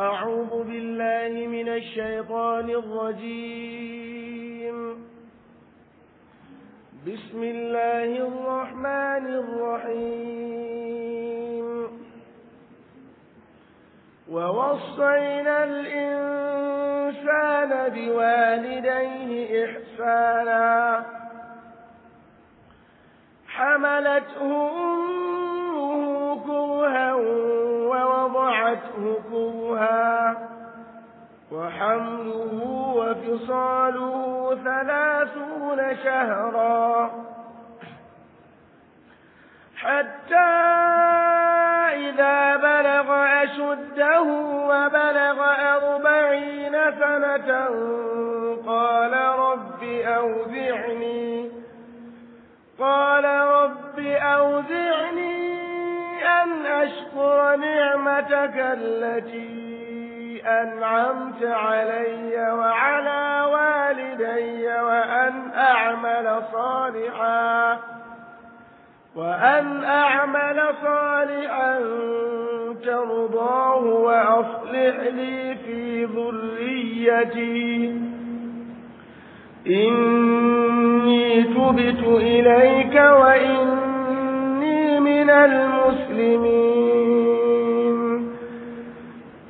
أعوذ بالله من الشيطان الرجيم بسم الله الرحمن الرحيم ووصينا الإنسان بوالديه إحسانا حملته أمه حملته كرها وحمله وفصاله ثلاثون شهرا حتى إذا بلغ أشده وبلغ أربعين سنة قال رب أوزعني قال رب أوزعني أن أشكر نعمتك التي أنعمت علي وعلى والدي وأن أعمل صالحا وأن أعمل صالحا ترضاه وأصلح لي في ذريتي إني تبت إليك وإني من المسلمين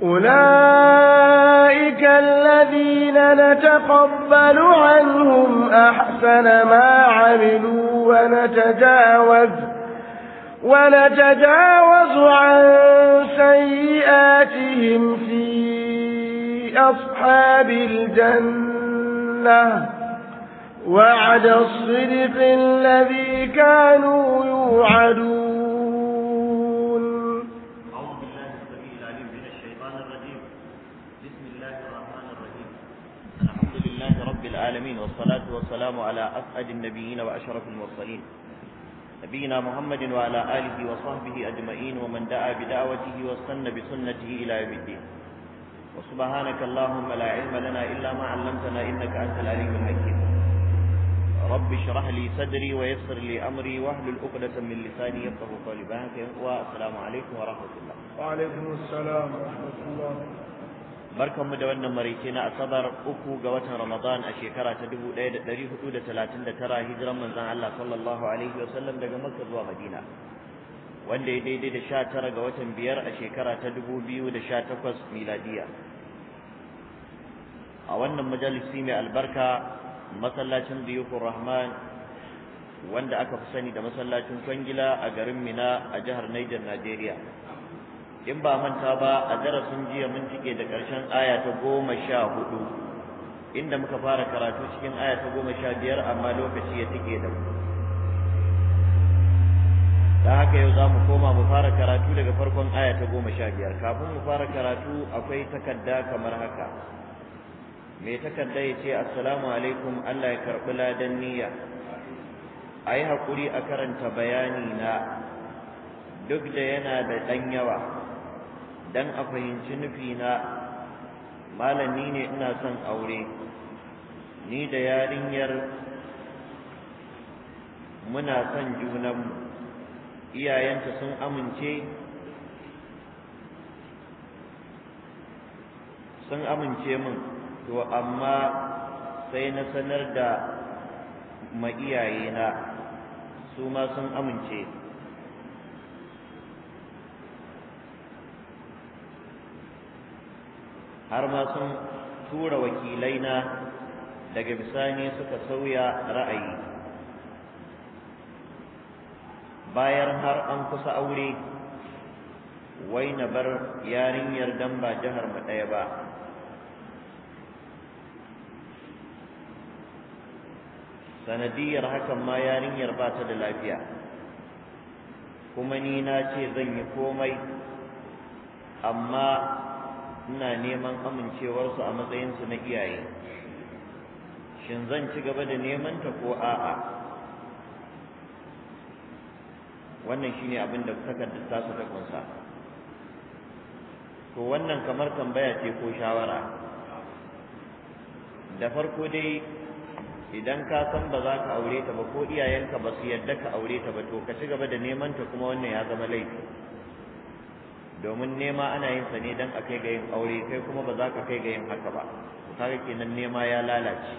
أولئك الذين نتقبل عنهم أحسن ما عملوا ونتجاوز ونتجاوز عن سيئاتهم في أصحاب الجنة وعد الصدق الذي كانوا يوعدون العالمين والصلاة والسلام على أسعد النبيين وأشرف المرسلين نبينا محمد وعلى آله وصحبه أجمعين ومن دعا بدعوته واستنى بسنته إلى يوم الدين وسبحانك اللهم لا علم لنا إلا ما علمتنا إنك أنت العليم الحكيم رب اشرح لي صدري ويسر لي أمري واحلل عقدة من لساني يفقهوا قولي بارك والسلام عليكم ورحمة الله وعليكم السلام ورحمة الله barkanmu da wannan maraice na asabar uku ga watan ramadan a shekara ta 1439 hijiran manzon Allah sallallahu alaihi sallam daga makka zuwa madina wanda ya daidai da 19 ga watan biyar a shekara ta 2018 miladiya a wannan majalisi mai albarka masallacin biyukur rahman wanda aka fi sani da masallacin kwangila a garin mina a jihar niger najeriya in ba manta ba a darasin jiya mun cike da ƙarshen aya ta goma sha hudu inda muka fara karatu cikin aya ta goma sha biyar amma lokaci ya tike da mu da haka yau za mu koma mu fara karatu daga farkon aya ta goma sha biyar kafin mu fara karatu akwai takarda kamar haka mai takarda ya ce assalamu alaikum allah ya karɓi ladan niyya a yi haƙuri a karanta bayani na duk da yana da ɗan yawa dan a fahimci nufi na malami ne ina son aure ni da yarinyar muna son junanmu iyayenta sun amince sun amince min to amma sai na sanar da ma iyayena su ma sun amince har ma sun tura wakilai na daga bisani suka sauya ra'ayi bayan har an kusa aure wai na bar yarinyar dan ba jihar mu ɗaya ba sanadiyar hakan ma yarinyar ba ta da lafiya kuma ni na ce zan yi komai amma ina neman amincewarsu a matsayinsu na iyaye shin zan ci gaba da neman ta ko a'a wannan shine abin da takardar su ta kunsa to wannan kamar tambaya ce ko shawara da farko dai idan ka san ba za ka aure ta ba ko iyayenka ba su yadda ka aure ta ba to ka ci gaba da neman ta kuma wannan ya zama laifi domin nema ana yin sa ne dan a kai ga yin aure kai kuma ba za ka kai ga yin haka ba kaga kenan nema ya lalace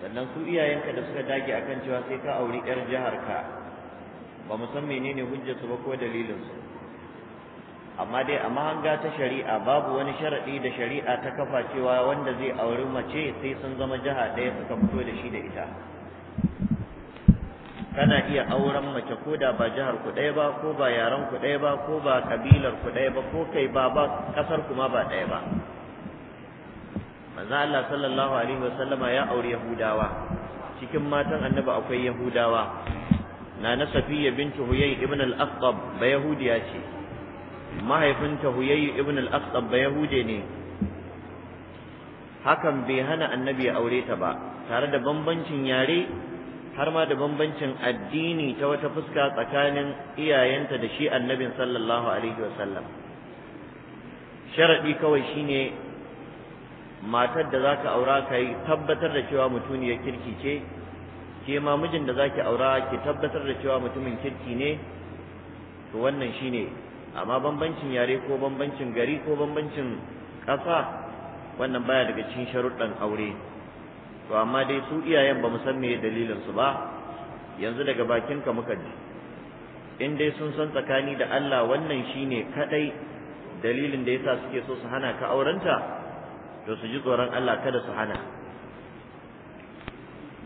sannan su iyayenka da suka dage akan cewa sai ka auri yar jihar ka ba mu san menene hujjarsu ba ko dalilin su amma dai a mahanga ta shari'a babu wani sharaɗi da shari'a ta kafa cewa wanda zai auri mace sai sun zama jiha ɗaya suka fito da shi da ita kana iya auren mace ko da ba jihar ku ɗaya ba ko ba yaran ku ɗaya ba ko ba kabilar ku ɗaya ba ko kai ba ba ƙasar ku ma ba ɗaya ba manzo Allah sallallahu alaihi wasallama ya auri yahudawa cikin matan annabi akwai yahudawa Nana safiya bintu huyay ibn al-aqtab ba yahudiya ce mahaifinta huyay ibn al-aqtab ba yahude ne hakan bai hana annabi ya aure ta ba tare da bambancin yare har ma da bambancin addini ta wata fuska tsakanin iyayenta da shi annabin sallallahu alaihi wasallam sharaɗi kawai shine matar da zaka aura kai tabbatar da cewa ya kirki ce ke ma mijin da zaki aura ki tabbatar da cewa mutumin kirki ne to wannan shine amma bambancin yare ko bambancin gari ko bambancin ƙasa wannan baya daga cikin sharuɗan aure to amma dai su iyayen ba mu san me dalilin su ba yanzu daga bakin ka muka ji in dai sun san tsakani da Allah wannan shine kadai dalilin da yasa suke so su hana ka aurenta to su ji tsoron Allah kada su hana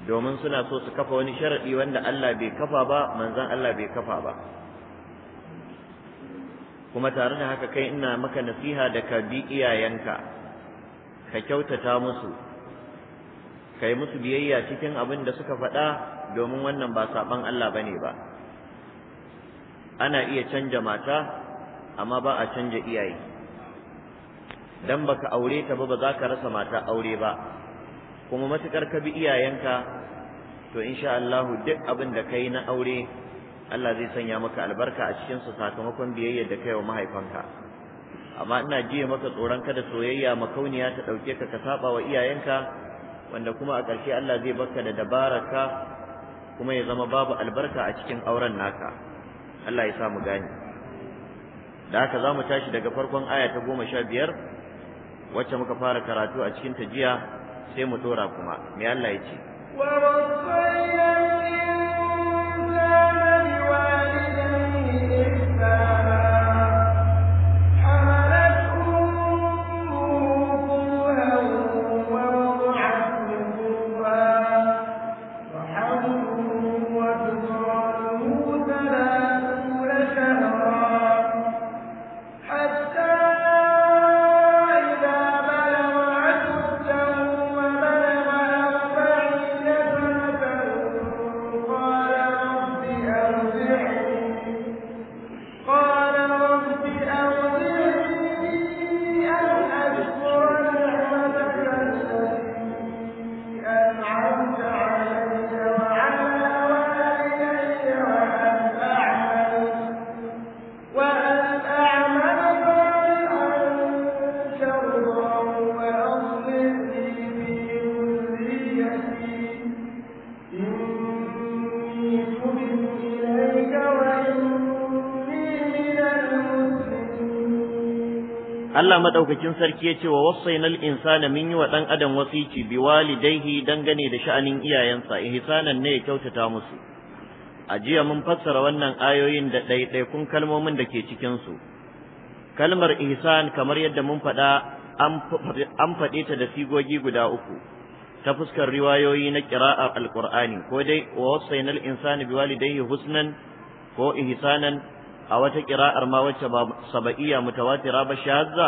domin suna so su kafa wani sharadi wanda Allah bai kafa ba manzon Allah bai kafa ba kuma tare da haka kai ina maka nasiha da ka bi iyayenka ka kyautata musu Ka yi musu biyayya cikin abin da suka faɗa domin wannan ba saɓan Allah bane ba ana iya canja mata amma ba a canja iyaye dan baka aure ta ba ba za ka rasa mata aure ba kuma matukar ka bi iyayenka to insha Allah duk abin da kai na aure Allah zai sanya maka albarka a cikin su sakamakon biyayya da kai wa mahaifanka amma ina jiya maka tsoron ka da soyayya makauniya ta ɗauke ka ka saba wa iyayenka wanda kuma a ƙarshe Allah zai baka da dabaraka kuma ya zama babu albarka a cikin auren naka Allah ya sa mu gane da haka za mu tashi daga farkon aya ta goma sha biyar wacce muka fara karatu a cikin tajiya sai mu tora kuma mai Allah ya ce Allah madaukakin sarki ya ce wa wasainal insana min yi wa dan adam wasici bi walidayhi dangane da sha'anin iyayensa ihsanan ne ya kyautata musu ajiya mun fassara wannan ayoyin da kun kalmomin da ke cikin su kalmar ihsan kamar yadda mun faɗa an faɗe ta da sigogi guda uku ta fuskar riwayoyi na qira'a alqur'ani ko dai wa wasainal insana bi walidayhi husnan ko ihsanan a wata ƙira'ar ma wacce ba saba'iya mutawatira ba shazza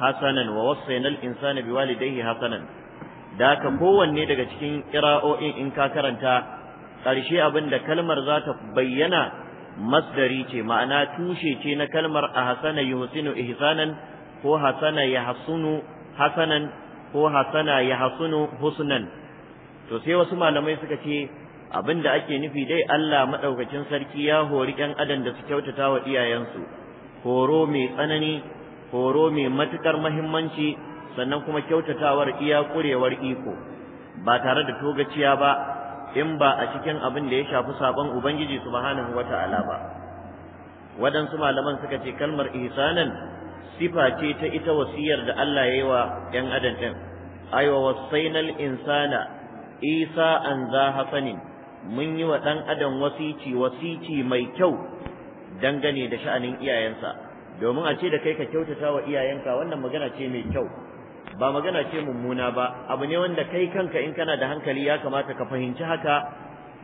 hasanan wa wasaina al-insana biwalidayhi hasanan da ka kowanne daga cikin ƙira'o'in in ka karanta Karshe abin da kalmar za ta bayyana masdari ce ma'ana tushe ce na kalmar a hasana yuhsinu ihsanan ko hasana yahsunu hasanan ko hasana yahsunu husnan to sai wasu malamai suka ce abin da ake nufi dai Allah maɗaukacin sarki ya hori ƴan adam da su kyautata wa iyayensu horo mai tsanani horo mai matuƙar mahimmanci sannan kuma kyautatawar iya ƙurewar iko ba tare da togaciya ba in ba a cikin abin da ya shafi sabon ubangiji subhanahu wata'ala ba waɗansu malaman suka ce kalmar ihsanan sifa ce ta ita wasiyar da Allah ya yi wa ‘yan adam ɗin aiwa wasainal insana isa an za hasanin mun yi wa ɗan adam wasici wasici mai kyau dangane da sha'anin iyayensa domin a ce da kai ka kyautata wa iyayenka wannan magana ce mai kyau ba magana ce mummuna ba abu ne wanda kai kanka in kana da hankali ya kamata ka fahimci haka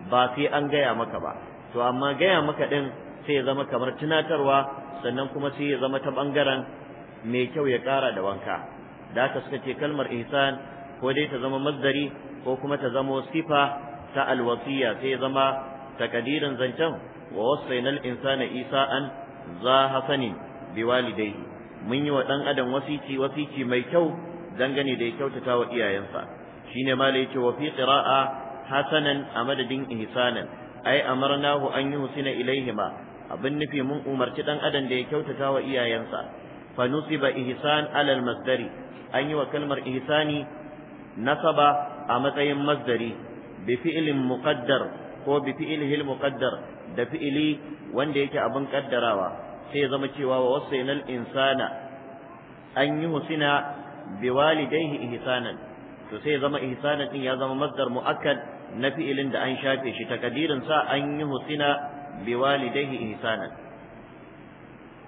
ba sai an gaya maka ba to amma gaya maka ɗin sai ya zama kamar tunatarwa sannan kuma sai ya zama ta ɓangaren mai kyau ya kara da wanka da haka suka ce kalmar ihsan ko dai ta zama mazdari ko kuma ta zama sifa ta alwasiya sai zama takadirin zancen wa wasaina al-insana an za hasanin biwalidayhi mun yi wa dan adam wasici wasici mai kyau dangane da ya kyautata wa iyayensa shine ma la yace wa fi qira'a hasanan a madadin ihsanan ai amarnahu an yi husina ilaihima abin nufi mun umarci dan adam da ya kyautata wa iyayensa fa nusiba ihsan alal masdari an yi wa kalmar ihsani nasaba a matsayin masdari bi fi'lin mukaddar ko bi fi'lihi muqaddar da fi'ili wanda yake abin kaddarawa sai zama cewa wa wasainal insana an yi husina bi walidayhi ihsanan to sai ya zama ihsanan din ya zama masdar muakkad na fi'ilin da an shafe shi takadirin sa an yi husina bi walidayhi ihsanan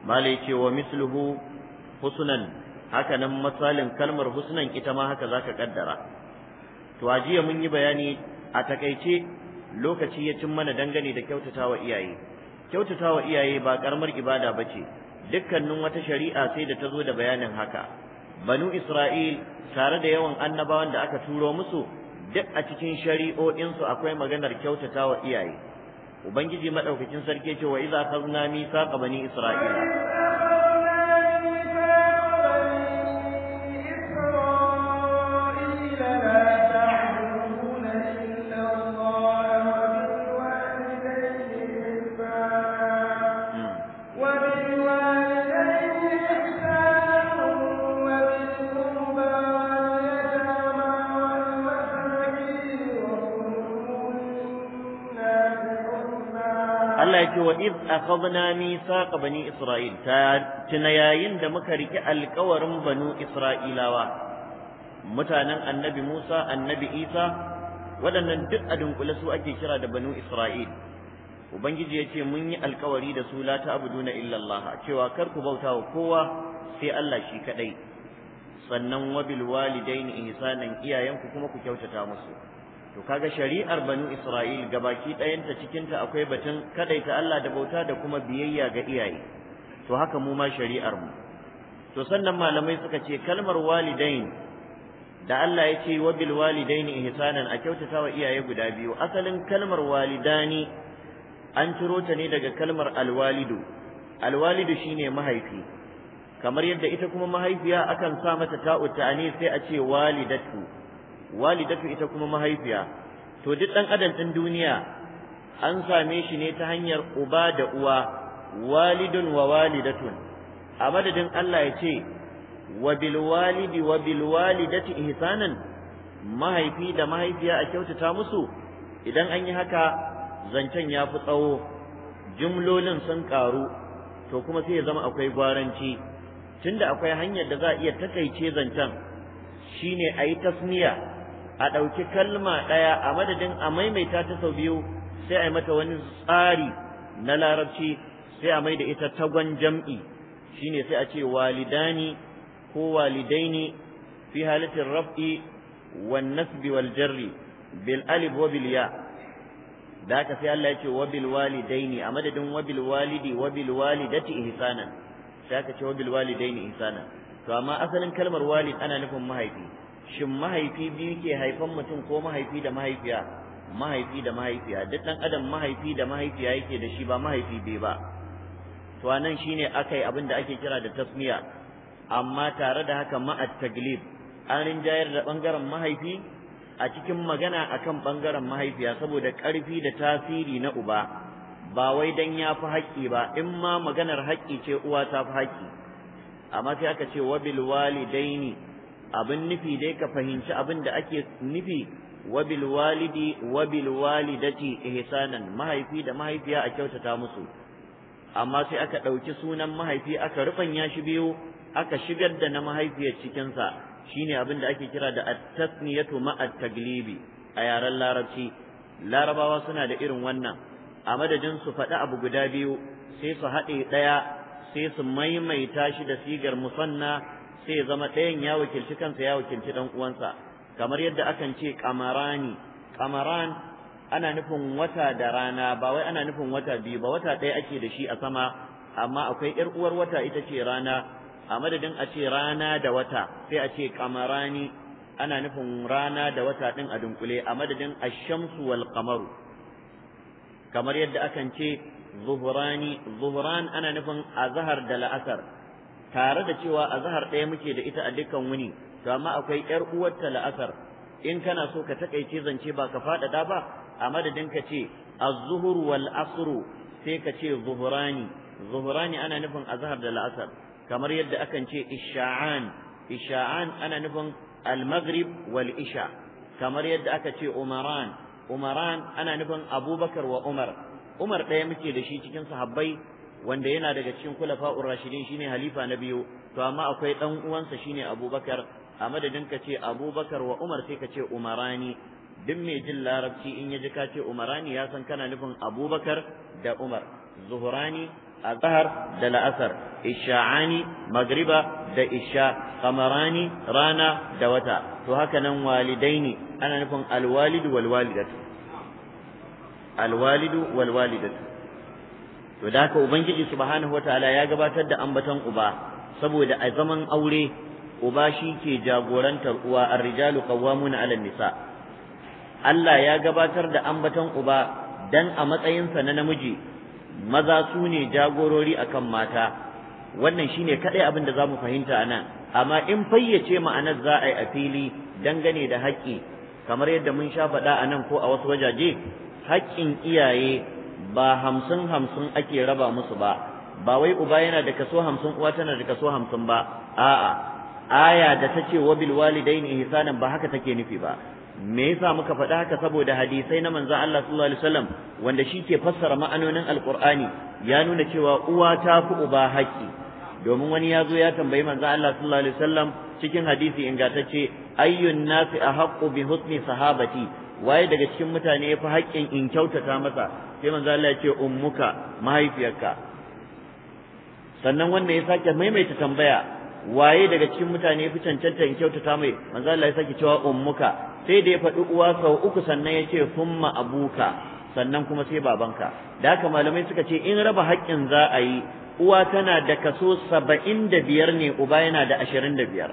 malai ce wa misluhu husnan haka nan misalin kalmar husnan ita ma haka zaka kaddara to a jiya mun yi bayani a takaice lokaci ya cin mana dangane da kyautatawa iyaye kyautatawa iyaye ba karamar ibada bace dukkanin wata shari'a sai da ta zo da bayanin haka banu isra'il tare da yawan annabawan da aka turo musu duk a cikin shari'o'insu akwai maganar kyautatawa iyaye ubangiji madaukakin sarki ce wa iza mi saqa bani isra'ila iz akhadna mithaqa bani isra'il ta tuna yayin da muka riki alƙawarin banu isra'ilawa mutanen annabi Musa annabi Isa waɗannan duk a dunkule su ake kira da banu isra'il ubangiji ya ce mun yi alƙawari da su la ta'buduna illa Allah cewa kar ku bauta wa kowa sai Allah shi kaɗai. sannan wabil walidaini ihsanan iyayenku kuma ku kyautata musu to kaga shari'ar banu isra'il gabaki ɗayanta cikinta akwai batun kadaita Allah da bauta da kuma biyayya ga iyaye to haka mu ma shari'ar mu to sannan malamai suka ce kalmar walidain da Allah ya ce wa bil walidaini ihsanan a kyautata wa iyaye guda biyu asalin kalmar walidani an ciro ta ne daga kalmar alwalidu alwalidu shine mahaifi kamar yadda ita kuma mahaifiya akan sa mata ta'u ta'ani sai a ce walidatu walidatu ita kuma mahaifiya to duk dan adam din duniya an same shi ne ta hanyar uba da uwa walidun wa walidatun a madadin Allah ya ce wa bil walidi wa bil walidati ihsanan mahaifi da mahaifiya a kyautata musu idan an yi haka zancen ya fi tsawo jumlolin sun karu to kuma sai ya zama akwai gwaranci tunda akwai hanyar da za a iya takaice zancen shine a yi tasniya a ɗauki kalma ɗaya a madadin a maimaita ta sau biyu sai a yi mata wani tsari na larabci sai a maida ita tagon jam'i shine sai a ce walidani ko walidaini fi halittar raf'i wan nasbi wal jarri bil alif wa bil ya da aka sai Allah ya ce wa bil walidaini a madadin wa bil walidi wa bil walidati ihsanan sai aka ce wa bil walidaini ihsanan to amma asalin kalmar walid ana nufin mahaifi shin mahaifi biyu ke haifan mutum ko mahaifi da mahaifiya mahaifi da mahaifiya duk ɗan adam mahaifi da mahaifiya yake da shi ba mahaifi biyu ba to anan shine akai abin da ake kira da tasmiya amma tare da haka at taglib an rinjayar da bangaren mahaifi a cikin magana akan bangaren mahaifiya saboda ƙarfi da tasiri na uba ba wai dan ya fi haƙƙi ba in ma maganar haƙƙi ce uwa ta fi haƙƙi amma sai aka ce wabil walidaini abin nufi dai ka fahimci abin da ake nufi wabil walidi wabil walidati ihsanan mahaifi da mahaifiya a kyautata musu amma sai aka ɗauki sunan mahaifi aka rufanya shi biyu aka shigar da na mahaifiyar cikinsa shine abin da ake kira da at-tasniyatu ma at-taglibi a yaren larabci larabawa suna da irin wannan a madadin su faɗi abu guda biyu sai su haɗe ɗaya sai su maimaita shi da sigar musanna sai zama ɗayan ya wakilci kansa ya wakilci dan uwansa kamar yadda akan ce kamarani kamaran ana nufin wata da rana ba wai ana nufin wata biyu ba wata ɗaya ake da shi a sama amma akwai ƴar uwar wata ita ce rana a madadin a ce rana da wata sai a ce kamarani ana nufin rana da wata ɗin a dunkule a madadin ashamsu wal kamar yadda akan ce zuhurani, zuhran ana nufin azhar da la'asar tare da cewa azhar ɗaya muke da ita a dukkan wuni to amma akwai yar uwarta la'asar in kana so ka takaice zance ba ka faɗaɗa ba a madadin ka ce az-zuhru wal sai ka ce zuhrani zuhrani ana nufin azhar da la'asar kamar yadda akan ce isha'an isha'an ana nufin al-maghrib wal isha kamar yadda aka ce umaran umaran ana nufin abubakar wa umar umar ɗaya muke da shi cikin sahabbai wanda yana daga cikin kulafa'ur rashidin shine halifa na biyu to amma akwai dan uwansa shine Abubakar a madadin ka ce Abubakar wa Umar sai ka ce Umarani duk mai jin larabci in ya ji ka ce Umarani ya san kana nufin Abubakar da Umar Zuhurani Azhar da La'asar Isha'ani Magriba da Isha Qamarani rana da wata to haka nan walidaini ana nufin alwalidu walwalidatu alwalidu walwalidatu to da haka ubangiji subhanahu wataala ya gabatar da ambaton uba saboda a zaman aure uba shi ke jagorantar uwa ar-rijalu qawwamun 'ala nisa Allah ya gabatar da ambaton uba dan a matsayinsa na namiji maza su ne jagorori akan mata wannan shine kadai abin da zamu fahimta anan amma in fayyace ma'anar za a yi a fili dangane da haƙƙi kamar yadda mun sha faɗa a nan ko a wasu wajaje haƙƙin iyaye ba hamsin hamsin ake raba musu ba ba wai uba yana da kaso hamsin uwa tana da kaso hamsin ba a'a aya da ta ce wabil walidaini ihsanan ba haka take nufi ba me yasa muka faɗa haka saboda hadisai na manzon Allah sallallahu alaihi wasallam wanda shi ke fassara ma'anonin alqur'ani ya nuna cewa uwa ta fi uba haƙƙi domin wani ya zo ya tambayi manzon Allah sallallahu alaihi wasallam cikin hadisi ingantacce ayyun nasi ahaqqu bi husni sahabati waye daga cikin mutane yafi haƙƙin in kyautata masa sai manzo Allah ya ce ummuka mahaifiyarka sannan wannan ya sake maimaita tambaya waye daga cikin mutane yafi cancanta in kyautata mai manzo Allah ya sake cewa ummuka sai da ya faɗi uwa sau uku sannan ya ce summa abuka sannan kuma sai babanka da haka malamai suka ce in raba haƙƙin za a yi uwa tana da kaso saba'in da biyar ne uba yana da ashirin da biyar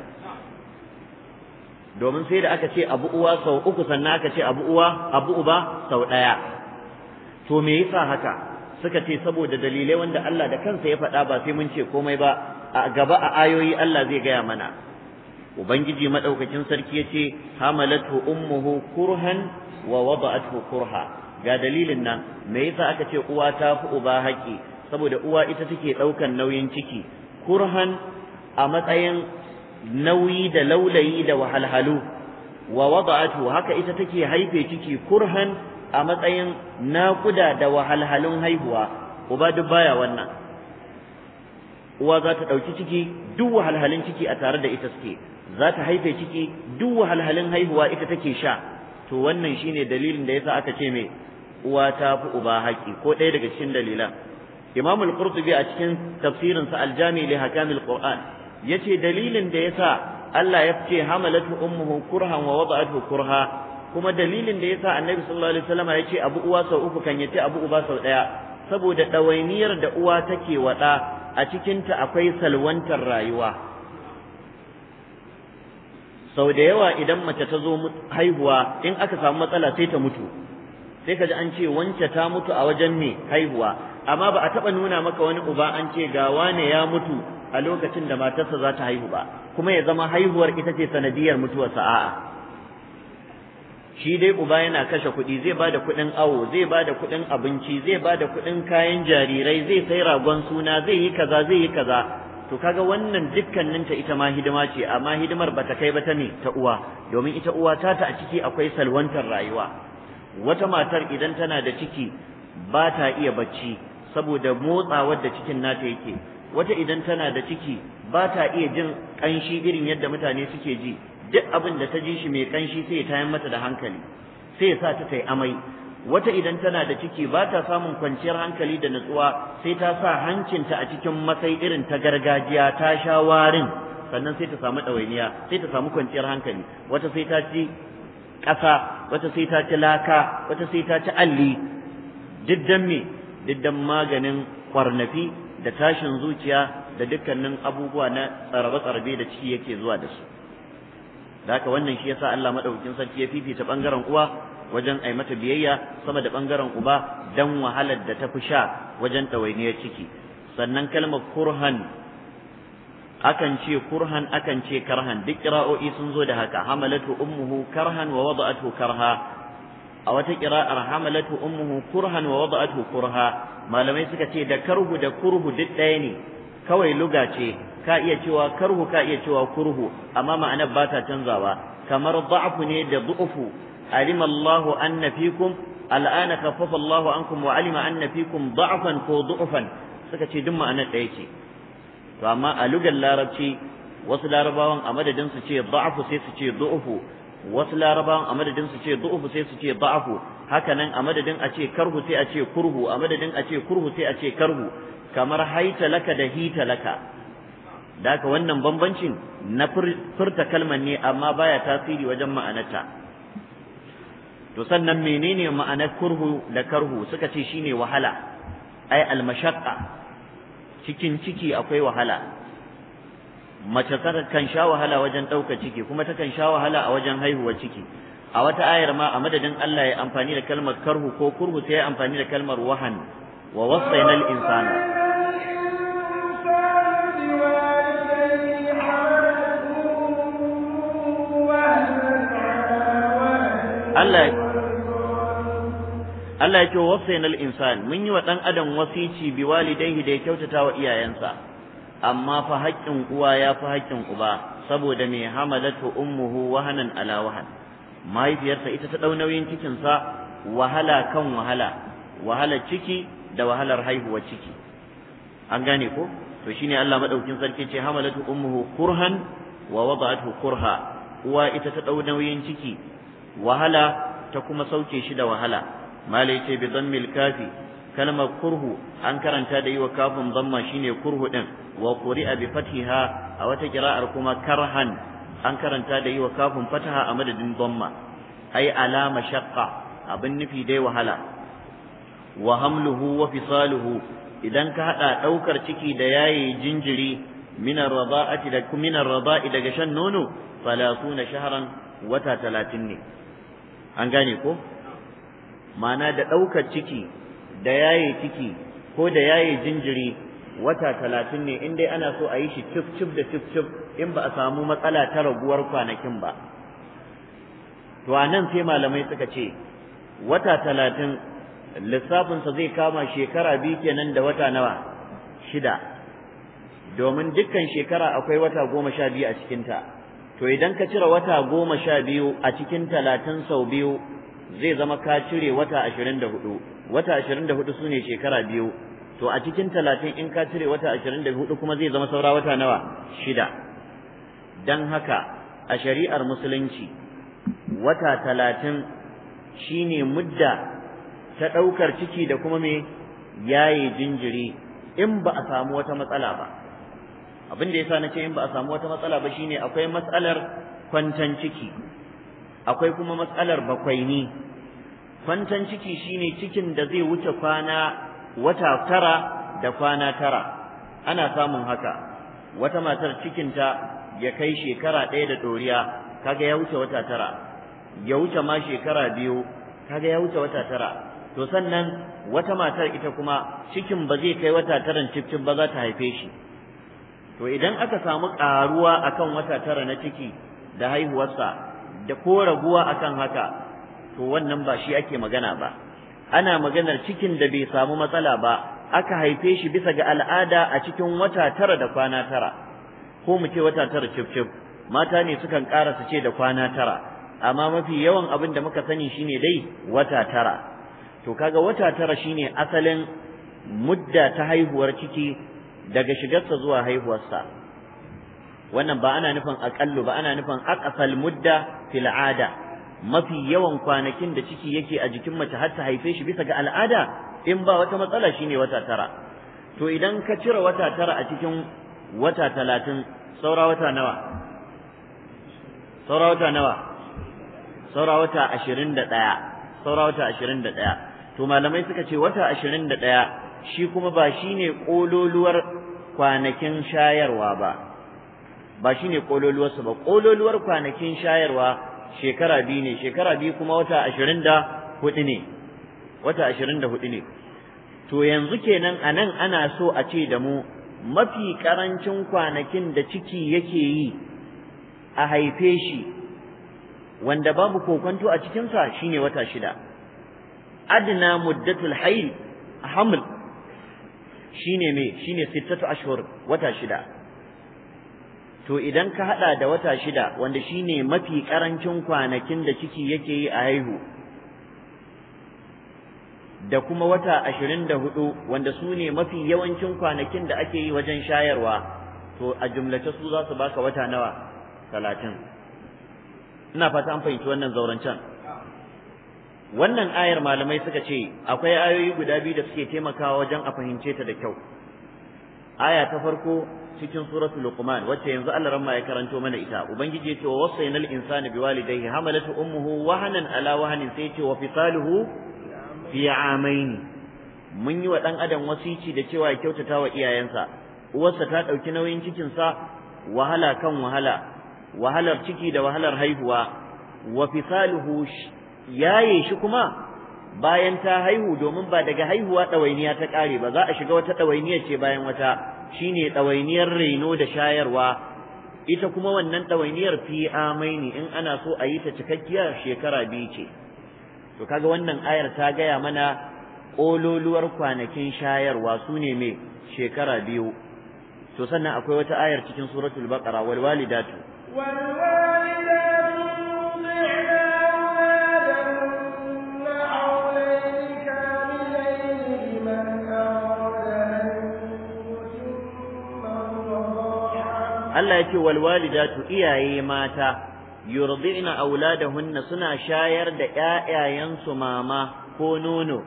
domin sai da aka ce abu uwa sau uku sannan aka ce abu uwa abu uba sau ɗaya to me yasa haka suka ce saboda dalilai wanda Allah da kansa ya faɗa ba sai mun ce komai ba a gaba a ayoyi Allah zai gaya mana ubangiji madaukakin sarki yace hamalatu ummuhu kurhan wa wada'athu kurha ga dalilin nan me yasa aka ce uwa ta fi uba haƙi saboda uwa ita take ɗaukan nauyin ciki kurhan a matsayin nauyi da laulayi da wahalhalu wa wada'atu haka ita take haife ciki kurhan a matsayin naƙuda da wahalhalun haihuwa uba duk baya wannan uwa za ta ɗauki ciki duk wahalhalun ciki a tare da ita suke za ta haife ciki duk wahalhalun haihuwa ita take sha to wannan shine dalilin da yasa aka ce me uwa ta fi uba haƙi ko ɗaya daga cikin dalilan imamul qurtubi a cikin tafsirinsa aljami li hakamil qur'an yace dalilin da yasa Allah ya fice hamalatu ummuhu kurhan wa wada'athu kurha kuma dalilin da yasa Annabi sallallahu alaihi wasallam yace abu uwa sau uku kan yace abu uba sau daya saboda dawainiyar da uwa take wada a cikin ta akwai salwantar rayuwa sau da yawa idan mace ta zo haihuwa in aka samu matsala sai ta mutu sai kaji ji an ce wance ta mutu a wajen me haihuwa amma ba a taɓa nuna maka wani uba an ce ga wane ya mutu a lokacin da matarsa za ta haihu ba kuma ya zama haihuwar ita ce sanadiyar mutuwarsa a'a shi dai uba yana kashe kuɗi zai ba da kuɗin awo zai ba da kuɗin abinci zai ba da kuɗin kayan jarirai zai sai ragon suna zai yi kaza zai yi kaza to kaga wannan dukkaninta ita ma hidima ce amma hidimar ba ta kai ba ta ne ta uwa domin ita uwa ta ta a ciki akwai salwantar rayuwa wata matar idan tana da ciki ba ta iya bacci saboda motsawar da cikin nata yake wata idan tana da ciki ba ta iya jin ƙanshi irin yadda mutane suke ji duk abin da ta ji shi mai ƙanshi sai ya tayar mata da hankali sai ya sa ta tai amai wata idan tana da ciki ba ta samun kwanciyar hankali da nutsuwa sai ta sa hancinta a cikin matsayi irin ta gargajiya ta sha warin sannan sai ta samu ɗawainiya sai ta samu kwanciyar hankali wata sai ta ci ƙasa wata sai ta ci laka wata sai ta ci alli diddan me diddan maganin kwarnafi da tashin zuciya da dukkanin abubuwa na tsarabe-tsarabe da ciki yake zuwa da su da haka wannan shi yasa Allah madaukakin sarki ya fifita bangaren uwa wajen ai mata biyayya sama da bangaren uba dan wahalar da ta fi sha wajen ɗawainiyar ciki sannan kalmar kurhan akan ce kurhan akan ce karhan duk kira'o'i sun zo da haka hamalatu ummuhu karhan wa wada'atu karha a wata qira'ar hamalatu ummuhu kurhan wa wada'athu kurha malamai suka ce da karhu da kurhu duk ɗaya ne kawai luga ce ka iya cewa karhu ka iya cewa kurhu amma ma'anar ba ta canzawa kamar da'fu ne da du'fu alima Allahu anna fikum al'ana khaffafa Allahu ankum wa alima anna fikum da'fan ko du'fan suka ce duk ma'anar ɗaya ce to amma a lugar larabci wasu larabawan a madadin su ce da'fu sai su ce du'fu wasu larabawan a madadin su ce du'ufu sai su ce da'afu hakanan a madadin a ce karhu sai a ce kurhu a madadin a ce kurhu sai a ce karhu kamar haita laka da hita laka da wannan bambancin na furta kalmar ne amma baya tasiri wajen ma'anarta to sannan menene ma'anar kurhu da karhu suka ce shine wahala ai almashaqqa cikin ciki akwai wahala mace kan sha wahala wajen ɗauka ciki kuma ta kan sha wahala a wajen haihuwa ciki a wata ayar ma a madadin Allah ya amfani da kalmar karhu ko kurhu sai ya amfani da kalmar wahan wa al insana Allah Allah ya ce al insan mun yi wa dan adam wasici biwalidaihi da ya kyautata wa iyayensa amma fa haƙƙin uwa ya fi haƙƙin uba saboda mai hamalatu ummuhu wahanan ala wahan mahaifiyarsa ita ta ɗau nauyin cikinsa wahala kan wahala wahalar ciki da wahalar haihuwa ciki an gane ko to shine Allah madaukin sarki ce hamalatu ummuhu kurhan wa wada'athu kurha uwa ita ta ɗau nauyin ciki wahala ta kuma sauke shi da wahala malai ce bi dhammil kafi kalmar kurhu an karanta da yi wa kafin zamma shine kurhu din wa quri'a bi fathiha a wata kira'ar kuma karhan an karanta da yi wa kafin fataha a madadin zamma ai alama shaqqa abin nufi dai wahala wa hamluhu wa fisaluhu idan ka hada daukar ciki da yayi jinjiri min ar-rada'ati da min ar-rada'i daga shan nono 30 shahran wata 30 ne an gane ko ma'ana da ɗaukar ciki da yaye ciki ko da yaye jinjiri wata talatin ne in dai ana so a yi shi cip cip da cip cip in ba a samu matsala ta raguwar kwanakin ba to a sai malamai suka ce wata talatin lissafinsa zai kama shekara biyu kenan da wata nawa shida domin dukkan shekara akwai wata goma sha biyu a to idan ka cire wata goma sha biyu a cikin talatin sau biyu zai zama ka cire wata ashirin hudu wata 24 sune shekara biyu to a cikin talatin in ka cire wata 24 kuma zai zama saura wata nawa shida dan haka a shari'ar musulunci wata 30 shine mudda ta ɗaukar ciki da kuma me yayi jinjiri in ba a samu wata matsala ba abin da yasa nace in ba a samu wata matsala ba shine akwai matsalar kwantan ciki akwai kuma matsalar bakwaini kwantan ciki shine cikin da zai wuce kwana wata tara da kwana tara ana samun haka wata matar ta ya kai shekara ɗaya da ɗoriya kaga ya wuce wata tara ya wuce ma shekara biyu kaga ya wuce wata tara to sannan wata matar ita kuma cikin ba zai kai wata taran cikin ba za ta haife shi to idan aka samu ƙaruwa akan wata tara na ciki da haihuwarsa da ko raguwa akan haka to wannan ba shi ake magana ba ana maganar cikin da bai samu matsala ba aka haife shi bisa ga al'ada a cikin wata tara da kwana tara ko mu ce wata tara cif mata ne sukan ƙara su ce da kwana tara amma mafi yawan abin da muka sani shine dai wata tara to kaga wata tara shine asalin mudda ta haihuwar ciki daga shigarsa zuwa haihuwarsa wannan ba ana nufin aƙallu ba ana nufin aqsal mudda fil ada mafi yawan kwanakin da ciki yake a jikin mace har ta haife shi bisa ga al'ada in ba wata matsala shine wata tara to idan ka cire wata tara a cikin wata talatin saura wata nawa saura wata nawa saura wata ashirin da ɗaya saura wata ashirin da ɗaya to malamai suka ce wata ashirin da ɗaya shi kuma ba shine ƙololuwar kwanakin shayarwa ba ba shine ƙololuwarsa ba ƙololuwar kwanakin shayarwa shekara biyu ne shekara biyu kuma wata ashirin da hudu ne wata ashirin da hudu ne to yanzu kenan a nan ana so a ce da mu mafi karancin kwanakin da ciki yake yi a haife shi wanda babu kokonto a cikinsa shine wata shida adna muddatul hayl haml shine me shine sittatu ashhur wata shida to idan ka hada da wata shida wanda shine mafi karancin kwanakin da ciki yake yi a haihu da kuma wata ashirin da hudu wanda su ne mafi yawancin kwanakin da ake yi wajen shayarwa to a jumlace su za su baka wata nawa talatin ina fata an fahimci wannan zaurancen wannan ayar malamai suka ce akwai ayoyi guda biyu da suke taimakawa wajen a fahimce ta da kyau aya ta farko cikin suratul luqman wacce yanzu Allah ranma ya karanto mana ita ubangiji ya wa wasainal insana biwalidayhi hamalatu ummuhu wahanan ala wahanin sai yace ce wa fisaluhu fi amain mun yi wa ɗan adam wasici da cewa ya kyautata wa iyayensa uwarsa ta ɗauki nauyin cikin sa wahala kan wahala wahalar ciki da wahalar haihuwa wa fisaluhu yaye shi kuma bayan ta haihu domin ba daga haihuwa ɗawainiya ta ƙare ba za a shiga wata ɗawainiya ce bayan wata shine ɗawainiyar raino da shayarwa ita kuma wannan ɗawainiyar fi amaini in ana so a yi ta cikakkiyar shekara biyu ce to kaga wannan ayar ta gaya mana ƙololuwar kwanakin shayarwa su ne me shekara biyu to sannan akwai wata ayar cikin suratul baqara wal walidatu wal walidatu Allah ya ce wal walidatu iyaye mata yurdina auladahunna suna shayar da ƴaƴayensu mama ko nono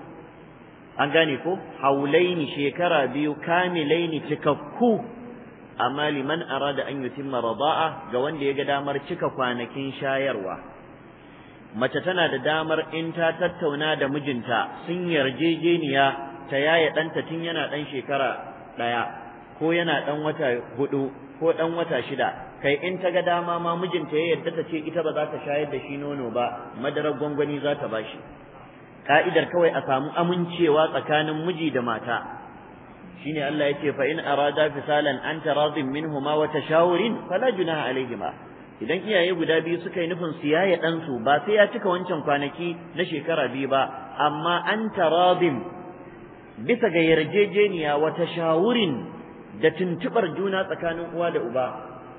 an gane ko haulaini shekara biyu kamilaini cikakku amma liman arada an yutimma rada'a ga wanda ya ga damar cika kwanakin shayarwa mace tana da damar in ta tattauna da mijinta sun yarjejeniya ta yaye ɗanta tun yana ɗan shekara ɗaya ko yana ɗan wata hudu ko ɗan wata shida kai in ta ga dama ma mijinta ya yarda ta ce ita ba za ta shayar da shi nono ba madarar gwangwani za ta shi. ka'idar kawai a samu amincewa tsakanin miji da mata shine Allah yake fa in arada fisalan an taradin minhuma wa tashawurin fala junaha alaihima idan iyaye guda biyu suka yi nufin su yaye ɗansu ba sai ya cika wancan kwanaki na shekara biyu ba amma an taradin bisa ga yarjejeniya wata shawurin da tuntubar juna tsakanin uwa da uba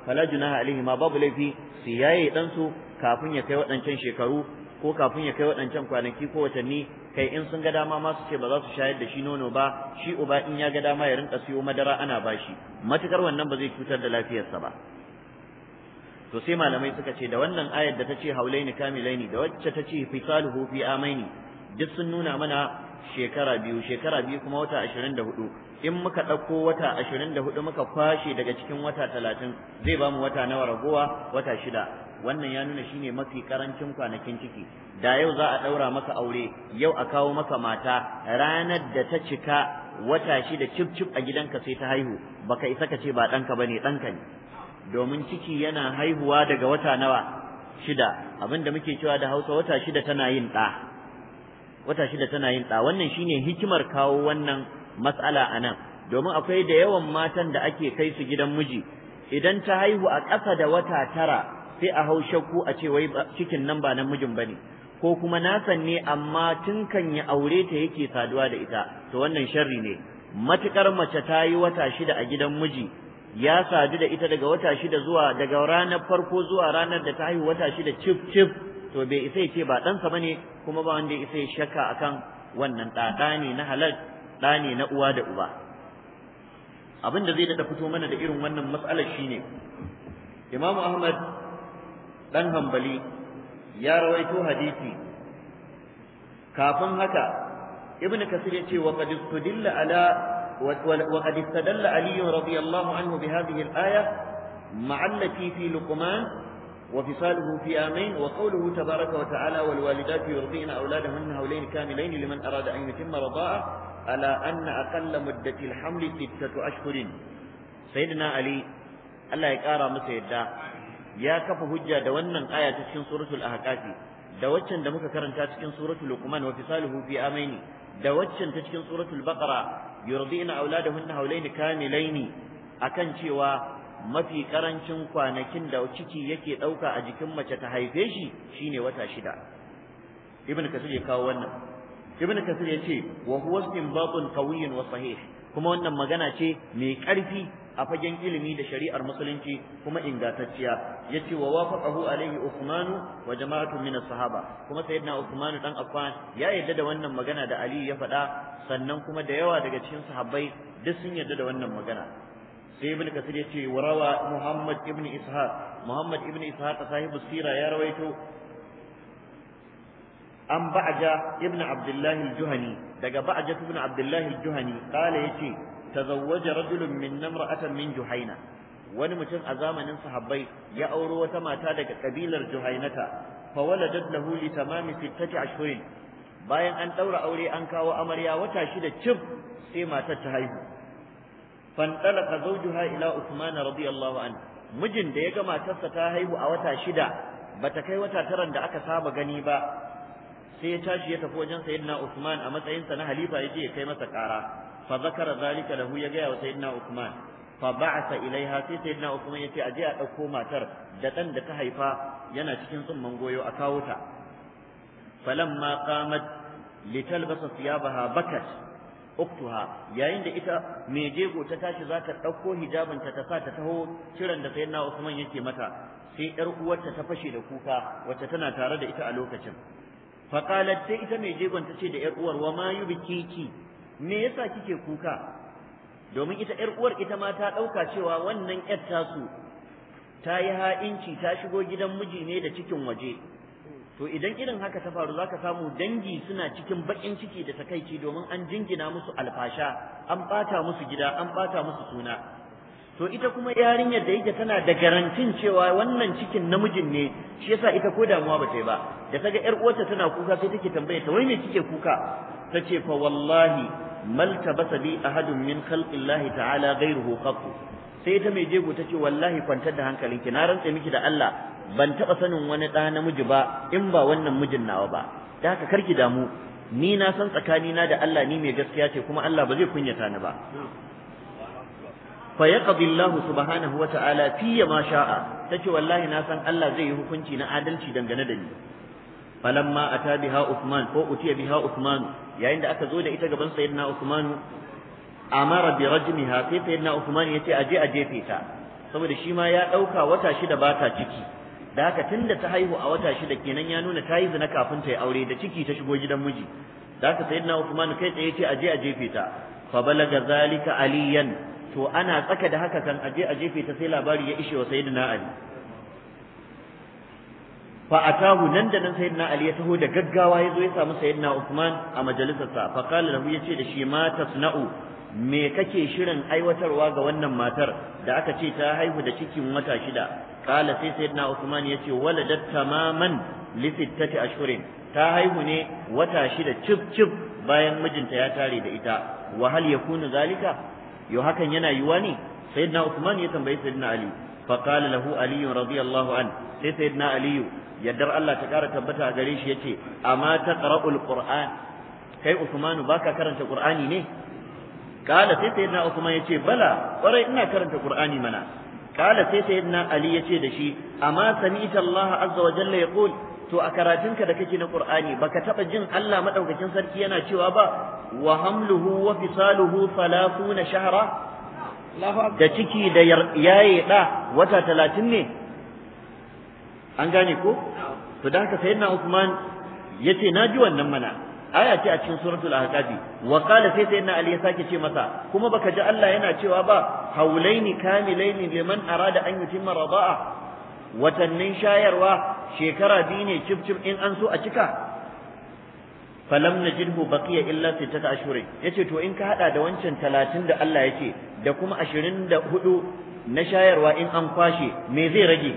fala junaha alaihi ma babu laifi su yaye dan su kafin ya kai waɗancan shekaru ko kafin ya kai waɗancan kwanaki ko watanni kai in sun ga dama ma su ce ba za su shayar da shi nono ba shi uba in ya ga dama ya rinka siyo madara ana bashi matukar wannan ba zai cutar da lafiyarsa ba to sai malamai suka ce da wannan ayar da ta ce haulaini kamilaini da wacce ta ce fisaluhu fi amaini duk sun nuna mana shekara biyu shekara biyu kuma wata ashirin da hudu in muka ɗauko wata ashirin da hudu muka kwashe daga cikin wata talatin zai bamu wata nawa ragowa wata shida wannan ya nuna shine mafi karancin kwanakin ciki da yau za a ɗaura maka aure yau a kawo maka mata ranar da ta cika wata shida cibcib a gidanka sai ta haihu baka isa ka ce ba ɗanka ba ne, ɗanka ne domin ciki yana haihuwa daga wata nawa shida abin da muke cewa da hausa wata shida tana yin ɗa wata shida tana yin ɗa wannan shine hikimar kawo wannan matsala a nan domin akwai da yawan matan da ake kai su gidan miji idan ta haihu a ƙasa da wata tara sai a hau shakku a ce wai cikin nan ba nan mijin bane ko kuma san ne amma tun kan ya aure ta yake saduwa da ita to wannan sharri ne matukar mace ta yi wata shida a gidan miji ya sadu da ita daga wata shida zuwa daga ranar farko zuwa ranar da ta haihu wata shida cif cif to bai isa ya ce ba ɗansa bane kuma ba wanda isa ya shakka akan wannan ɗaɗa ne na halal ɗa ne na uwa da uba abin da zai daɗa fito mana da irin wannan matsalar shine imamu ahmad ɗan hambali ya rawaito hadisi kafin haka ibnu kasir ya ce wa qad istadalla ala wa qad istadalla ali radiyallahu anhu bi hadhihi al-aya ma'allati fi luqman وفصاله في عامين وقوله تبارك وتعالى والوالدات يرضين أولادهن هولين كاملين لمن أراد أن يتم رضاءه على أن أقل مدة Ali, Allah ya سيدنا علي yadda, ya kafa hujja da wannan دوانا آية تسكن سورة الأحقاف دوچن da muka karanta cikin suratul luqman wa fisaluhu fi amain da waccan ta cikin suratul baqara yurdina auladahunna hawlain kamilain akan cewa mafi karancin kwanakin da ciki yake dauka a jikin mace ta haife shi shine wata shida ibn kasir ya kawo wannan ibnu kasir yace wa huwa istinbatun qawiyyun wa sahih kuma wannan magana ce mai karfi a fagen ilimi da shari'ar musulunci kuma ingantacciya yace wa wafaqahu alaihi usmanu wa jama'atun min sahaba kuma sayyidina Uthman dan Affan ya yadda da wannan magana da Ali ya faɗa sannan kuma da yawa daga cikin sahabbai duk sun yadda da wannan magana sai ibn kasir yace wa rawa muhammad ibn ishaq muhammad ibn ishaq sahibu sira ya rawaito an ba'aja ibn abdullahi al-juhani daga ba'ja ibn abdullahi al-juhani qala yace tazawwaja rajulun min namra'atan min juhaina wani mutum a zamanin sahabbai ya auro wata mata daga kabilar juhainata fa waladat lahu li tamami sittati ashhurin bayan an daura aure an kawo amarya wata shida cif sai matar ta haihu fantalaka zawjuha ila usman radiyallahu anhu mijin da ya ga matarsa ta haihu a wata shida bata kai wata taran da aka saba gani ba sai ya tashi ya tafi wajen sayyidina Uthman a matsayinsa na halifa yaje ya kai masa kara fa zakara zalika lahu ya ga wa sayyidina Uthman fa ba'atha ilaiha sai sayyidina Uthman yace aje a dauko matar da dan da ta haifa yana cikin tsumman goyo a kawo ta falamma qamat litalbasa thiyabaha bakat uktuha yayin da ita mai jego ta tashi za ta ɗauko hijabin ta sa ta taho kiran da sayyidina Uthman yake mata sai yar uwarta ta fashe da kuka wacce tana tare da ita a lokacin faqalat sai ita mai jegon ta ce da yar uwar wa ma me yasa kike kuka domin ita yar uwar ita ma ta dauka cewa wannan yar tasu ta yi ha'inci ta shigo gidan miji ne da cikin waje to idan irin haka ta faru zaka samu dangi suna cikin baƙin ciki da takaici domin an jingina musu alfasha an ɓata musu gida an ɓata musu suna to ita kuma yarinyar da yake tana da garantin cewa wannan cikin namijin ne shi yasa ita ko damuwa ba ta yi ba da kaga yar uwarta tana kuka sai take tambaye ta wai me kike kuka tace fa wallahi mal tabasa bi ahadun min khalqillahi ta'ala ghayruhu qat sai ta mai jego tace wallahi kwantar da hankalinki na rantse miki da Allah ban taba sanin wani da namiji ba in ba wannan mijin nawa ba da haka karki damu ni na san tsakanina da Allah ni mai gaskiya ce kuma Allah ba zai kunyata ni ba fa yaqdi Allah subhanahu wata'ala fi ma sha'a tace wallahi na san Allah zai yi hukunci na adalci dangane da ni falamma ata biha Usman ko utiya biha Usman yayin da aka zo da ita gaban sayyidina Uthman amara bi rajmiha sai sayyidina Uthman yace aje aje fita. saboda shi ma ya dauka wata shida ba ta ciki da haka tunda ta haihu a wata shida kenan ya nuna ta yi zina kafin ta yi aure da ciki ta shigo gidan miji da haka sayyidina Uthman kai tsaye yace aje a jefe ta fa balaga zalika aliyan to ana tsaka da haka kan aje a jefe ta sai labari ya ishe wa sayyidina ali fa atahu nan da nan sayyidina ali ya taho da gaggawa yazo ya samu sayyidina usman a majalisarsa fa qala lahu yace da shi ma tasna'u me kake shirin aiwatarwa ga wannan matar da aka ce ta haihu da cikin wata shida Kala sai sayyidina usman yace waladat tamaman li sittati ashhurin ta haihu ne wata shida cif cif bayan mijinta ya tare da ita wa hal yakunu zalika yau hakan yana yiwa ne sayyidina Uthman ya tambayi sayyidina Ali fa qala lahu Ali radiyallahu an sai sayyidina Ali yaddar Allah ta kara tabbata a gare shi yace amma ta taqra'ul qur'an kai Uthman baka karanta qur'ani ne kala sai sayyidina Uthman yace bala kwarai ina karanta qur'ani mana kala sai sayyidina Ali yace da shi amma sami'ta Allah azza wa jalla yaqul to a karatunka da kake na Qur'ani baka taba jin Allah madaukakin sarki yana cewa ba wa hamluhu wa fisaluhu 30 shahra da ciki da yaye da wata 30 ne an gane ko to da haka sayyidina Uthman yace naji wannan mana aya ce a cikin suratul ahqabi wa qala sai sayyidina ali ya sake ce masa kuma baka ji Allah yana cewa ba haulaini kamilaini liman arada an yutimma rada'a watannin shayarwa shekara biyu ne cif cif in an so a cika falam na najidhu baqiya illa sittata Ya ce to in ka hada da wancan talatin da Allah ya ce da kuma ashirin da hudu na shayarwa in an kwashe me zai rage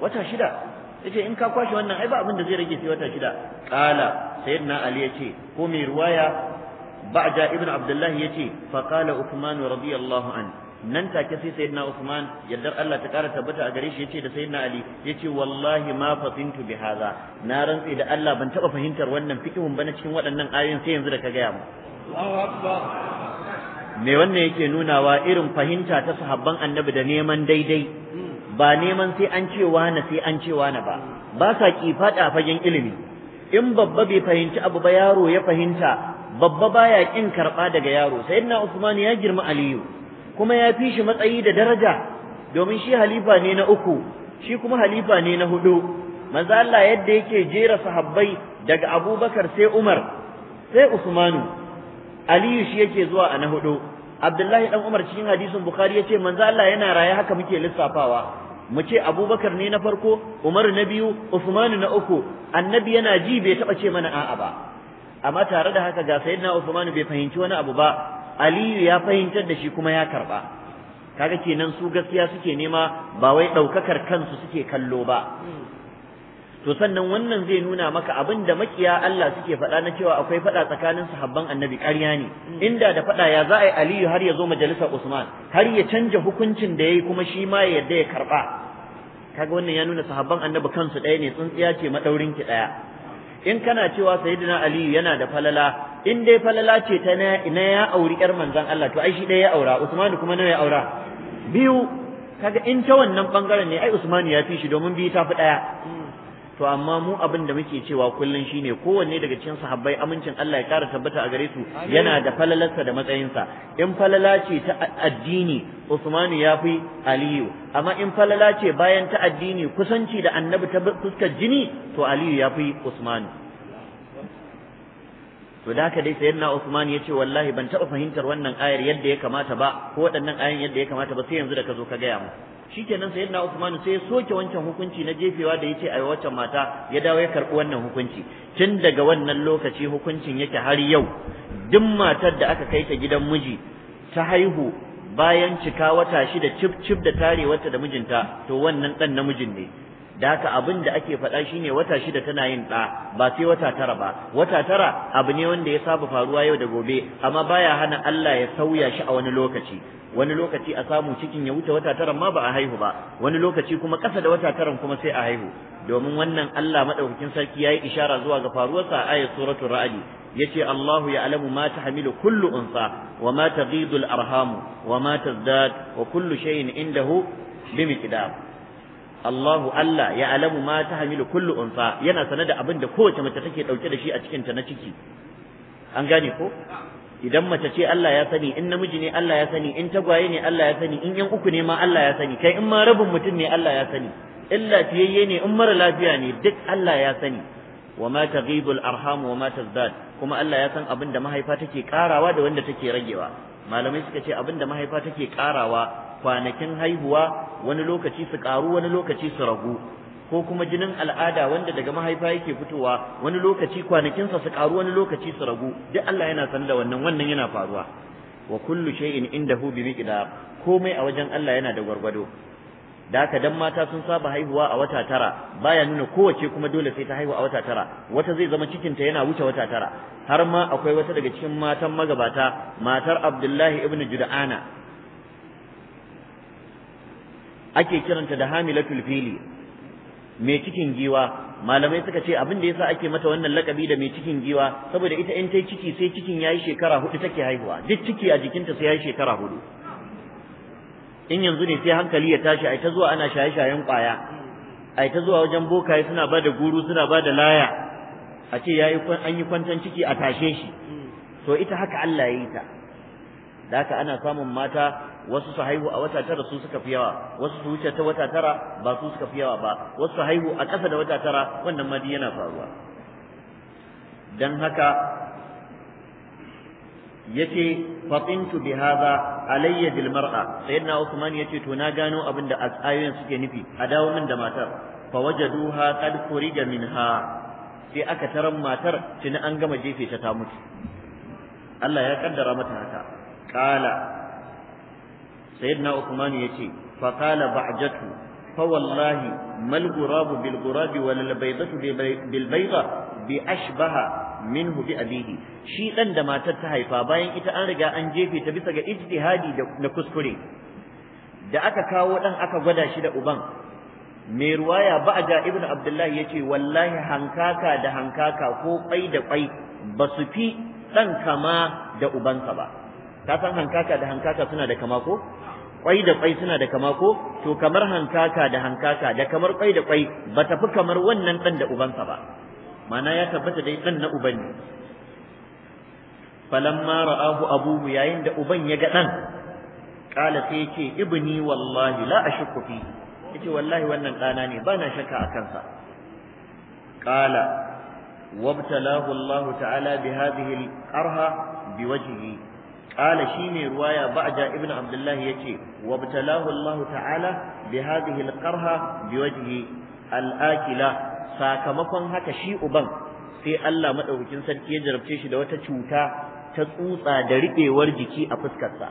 wata shida Ya ce in ka kwashe wannan ai ba abin da zai rage sai wata shida qala sayyidina ali ya ce. ko mai riwaya ba'ja ibn abdullahi ya ce. fa qala uthman radiyallahu anhu nan take sai sayyidina Uthman yardar Allah ta kara tabbata a gare shi yace da sayyidina Ali yace wallahi ma fasintu bi hadha na rantsi da Allah ban taba fahimtar wannan fikihun ba na cikin waɗannan ayoyin sai yanzu da ka gaya mu me wannan yake nunawa irin fahimta ta sahabban annabi da neman daidai ba neman sai an cewa na sai an cewa na ba ba sa kifada fagen ilimi in babba bai fahimci abu ba yaro ya fahimta babba baya kin karba daga yaro sayyidina Uthman ya girma Aliyu kuma ya fi shi matsayi da daraja domin shi halifa ne na uku shi kuma halifa ne na hudu manzo Allah yadda yake jera sahabbai daga Abubakar sai Umar sai Usmanu Aliyu shi yake zuwa a na hudu Abdullahi dan Umar cikin hadisin Bukhari yace manzo Allah yana raye haka muke lissafawa mu ce Abubakar ne na farko Umar na biyu Usmanu na uku annabi yana ji bai taba ce mana a'a ba amma tare da haka ga sayyidina Usmanu bai fahimci wani abu ba aliyu ya fahimtar da shi kuma ya karba kaga kenan su gaskiya suke nema ba wai ɗaukakar kansu suke kallo ba to sannan wannan zai nuna maka abin da makiya Allah suke faɗa na cewa akwai faɗa tsakanin sahabban annabi ƙarya ne inda da faɗa ya za a yi aliyu har ya zo majalisar usman har ya canja hukuncin da ya yi kuma shi ma ya yarda ya karɓa kaga wannan ya nuna sahabban annabi kansu ɗaya ne tsintsiya ce maɗaurin ki ɗaya in kana cewa sayyidina aliyu yana da falala in dai falala ce ta na ya auri ƴar manzon Allah to ai shi ɗaya ya aura Usman kuma nawa ya aura biyu kaga in ta wannan bangaren ne ai Usmanu ya fi shi domin biyu ta fi ɗaya to amma mu abin da muke cewa kullun shine kowanne daga cikin sahabbai amincin Allah ya kara tabbata a gare su yana da falalarsa da matsayinsa in falala ce ta addini Usmanu ya fi Aliyu amma in falala ce bayan ta addini kusanci da Annabi ta fuskar jini to Aliyu ya fi Usmanu to da haka dai na Usman ya ce wallahi ban taɓa fahimtar wannan ayar yadda ya kamata ba ko waɗannan ayoyin yadda ya kamata ba sai yanzu da ka zo ka gaya mu shikenan na Usman sai ya soke wancan hukunci na jefewa da yace ai waccan mata ya dawo ya karɓi wannan hukunci tun daga wannan lokaci hukuncin yake har yau duk matar da aka kai ta gidan miji ta haihu bayan cika wata shida cif cif da tarewarta da mijinta to wannan dan namijin ne da haka abin da ake faɗa shine wata shida tana yin ɗa ba sai wata tara ba wata tara abu ne wanda ya saba faruwa yau da gobe amma baya hana Allah ya sauya shi a wani lokaci wani lokaci a samu cikin ya wuce wata tara ma ba a haihu ba wani lokaci kuma ƙasa da wata taran kuma sai a haihu domin wannan Allah madaukakin sarki yayi ishara zuwa ga sa, a ayat suratul ra'd yace Allahu ya'lamu ma tahmilu kullu unsa wa ma taghidu al-arham wa ma tazdad wa kullu shay'in indahu bimiqdar Allahu Allah ya alamu ma ta hamilu kullu unsa yana sanar da abin da kowace mace take dauke da shi a cikin ta na ciki an gane ko idan mace ce Allah ya sani in namiji ne Allah ya sani in tagwaye ne Allah ya sani in yan uku ne ma Allah ya sani kai in ma rabin mutum ne Allah ya sani illa lafiyayye ne in mara lafiya ne duk Allah ya sani wa ma taghibul arham wa ma tazdad kuma Allah ya san abin da mahaifa take karawa da wanda take ragewa malamai suka ce abin da mahaifa take karawa kwanakin haihuwa wani lokaci su karu wani lokaci su ragu ko kuma jinin al'ada wanda daga mahaifa yake fitowa wani lokaci kwanakinsa su karu wani lokaci su ragu duk Allah yana san da wannan wannan yana faruwa wa kullu shay'in indahu bi miqdar komai a wajen Allah yana da gwargwado da haka dan mata sun saba haihuwa a wata tara baya nuna kowace kuma dole sai ta haihu a wata tara wata zai zama cikinta yana wuce wata tara har ma akwai wata daga cikin matan magabata matar Abdullahi ibn Jud'ana ake kiranta da hamilatul fili mai cikin giwa malamai suka ce abin da yasa ake mata wannan lakabi da mai cikin giwa saboda ita in tai ciki sai cikin yayi shekara hudu take haihuwa duk ciki a jikinta sai yayi shekara hudu in yanzu ne sai hankali ya tashi ai ta zuwa ana shaye-shayen kwaya ai ta zuwa wajen bokaye suna bada guru suna ba da laya a ce yayi an yi kwantan ciki a tashe shi to ita haka Allah ya yi ta da haka ana samun mata wasu su haihu a wata tara su suka fi yawa wasu su wuce ta wata tara ba su suka fi yawa ba wasu su haihu a ƙasa da wata tara wannan ma yana faruwa dan haka yace fatintu bi hadha alayya bil mar'a sayyidina usman yace to na gano abin da ayoyin suke nufi a dawo min da matar fa wajaduha qad furija minha sai aka taran matar tuni an gama jefe ta ta mutu Allah ya kaddara mata haka qala sayyidina Usman ya ce, Fakala ba'jatu fa wallahi mal ghurab bil ghurab wal baydatu bil bayda bi ashbaha minhu bi a bihi, shi ɗan da matar ta haifa bayan ita an riga an jefe ta bisa ga ijtihadi da da kuskure da aka kawo ɗan aka gwada shi da uban mai ruwaya ba'da ibnu abdullahi ya ce, wallahi hankaka da hankaka ko kwai da kwai ba su fi dan kama da ubansa ba ka san hankaka da hankaka suna da kama ko kwai da kwai suna da kama ko to kamar hankaka da hankaka da kamar kwai da kwai ba fi kamar wannan dan da ubansa ba mana ya tabbata dai dan na uban ne falamma ra'ahu abuhu yayin da uban ya ga dan kala sai yace ibni wallahi la ashukku fi yace wallahi wannan dana ne bana shakka a kansa kala bi الله تعالى arha bi بوجهه shi ruwa قال شيمي رواية بعجة ابن عبد الله يتي ta'ala الله تعالى بهذه القرهة بوجه الآكلة sakamakon haka shi uban sai Allah madaukakin sarki ya jarabce shi da wata cuta ta tsutsa da ribewar jiki a fuskarsa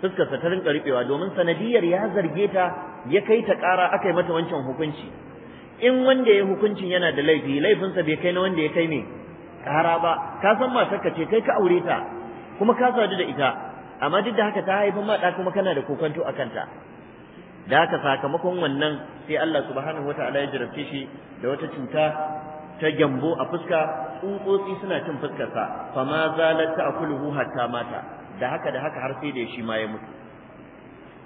fuskarsa ta rinka riɓewa domin sanadiyar ya zarge ta ya kai ta ƙara aka yi mata wancan hukunci in wanda ya hukuncin yana da laifi laifinsa bai kai na wanda ya kai me ƙara ba ka san matarka ce kai ka aure ta kuma ka sadu da ita amma duk da haka ta haifa ma da kuma kana da kokonto a kanta da haka sakamakon wannan sai Allah subhanahu wataala ya jarabce shi da wata cuta ta gyambo a fuska tsutsotsi suna cin fuskarsa ma zalat ta'kuluhu hatta mata da haka da haka har sai da shi ma ya mutu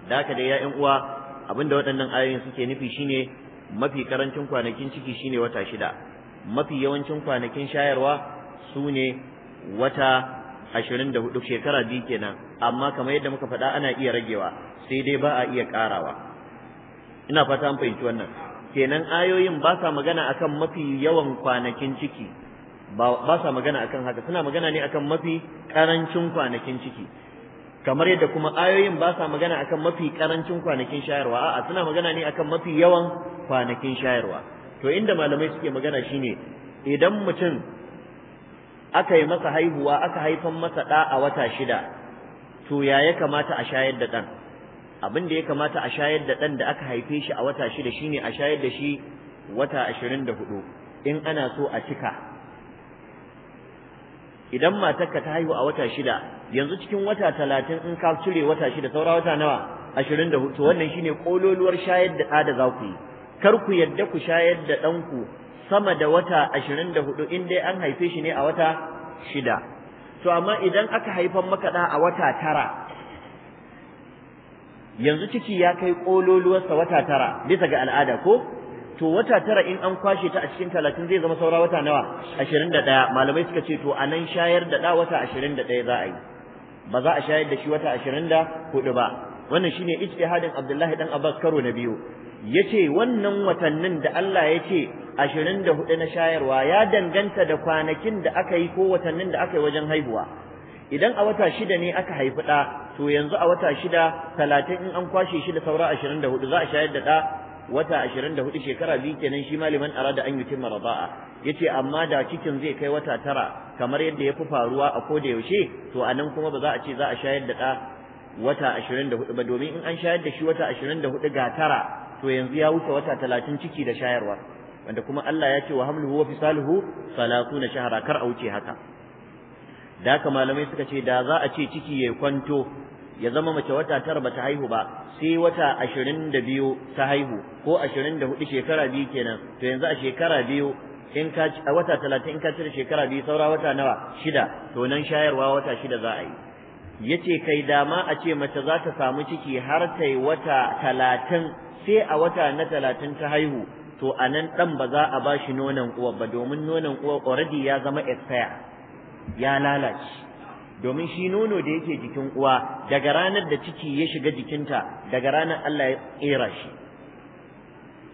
da haka da ya'yan uwa abinda waɗannan ayoyin suke nufi shine mafi karancin kwanakin ciki shine wata shida mafi yawancin kwanakin shayarwa sune wata ashirin da hudu shekara biyu kenan amma kamar yadda muka faɗa ana iya ragewa sai dai ba a iya karawa. ina fata an fahimci wannan kenan ayoyin ba sa magana akan mafi yawan kwanakin ciki ba sa magana akan haka suna magana ne akan mafi ƙarancin kwanakin ciki kamar yadda kuma ayoyin ba sa magana akan mafi ƙarancin kwanakin shayarwa a'a suna magana ne akan mafi yawan kwanakin shayarwa to inda malamai suke magana shine idan mutum aka yi masa haihuwa aka haifan masa ɗa a wata shida to ya ya kamata a shayar da ɗan abin da ya kamata a shayar da ɗan da aka haife shi a wata shida shine a shayar da shi wata ashirin da hudu in ana so a cika idan matarka ta haihu a wata shida yanzu cikin wata talatin in ka cire wata shida saura wata nawa ashirin da hudu wannan shine kololuwar shayar da ɗa da za ku yi kar ku yadda ku shayar da ɗanku sama da wata ashirin da hudu in dai an haife shi ne a wata shida to amma idan aka haifan maka a wata tara yanzu ciki ya kai ƙololuwarsa wata tara bisa ga al'ada ko to wata tara in an kwashe ta a cikin talatin zai zama saura wata nawa ashirin da ɗaya malamai suka ce to a nan shayar da ɗa wata ashirin da ɗaya za a yi ba za a shayar da shi wata ashirin da hudu ba wannan shi shine ijtihadin Abdullahi ɗan Abbas karo na biyu Ya ce wannan watannin da Allah ya ce. ashirin da hudu na shayarwa ya danganta da kwanakin da aka yi ko watannin da aka yi wajen haihuwa idan a wata shida ne aka haifi ɗa to yanzu a wata shida talatin in an kwashe shi da saura ashirin da hudu za a shayar da ɗa wata ashirin da hudu shekara biyu kenan shi maliman da an yutimma ya ce amma da cikin zai kai wata tara kamar yadda ya fi faruwa a da yaushe to a nan kuma ba za a ce za a shayar da ɗa wata ashirin da hudu ba domin in an shayar da shi wata ashirin da hudu ga tara to yanzu ya wuce wata talatin ciki da shayarwa wanda kuma Allah ya ce wa hamluhu wa fisaluhu 30 shahara kar a wuce haka da haka malamai suka ce da za a ce ciki ya kwanto ya zama mace wata tara bata haihu ba sai wata ashirin da biyu ta haihu ko ashirin da hudu shekara biyu kenan to yanzu a shekara biyu in ka a wata talatin in ka cire shekara biyu saura wata nawa shida to nan shayarwa wata shida za a yi yace kai dama a ce mace za ta samu ciki har ta yi wata talatin sai a wata na talatin ta haihu to a nan ɗan ba za a ba shi nonon uwa ba domin nonon uwa already ya zama expire ya lalace domin shi nono da yake jikin uwa daga ranar da ciki ya shiga jikinta daga ranar Allah ya tsera shi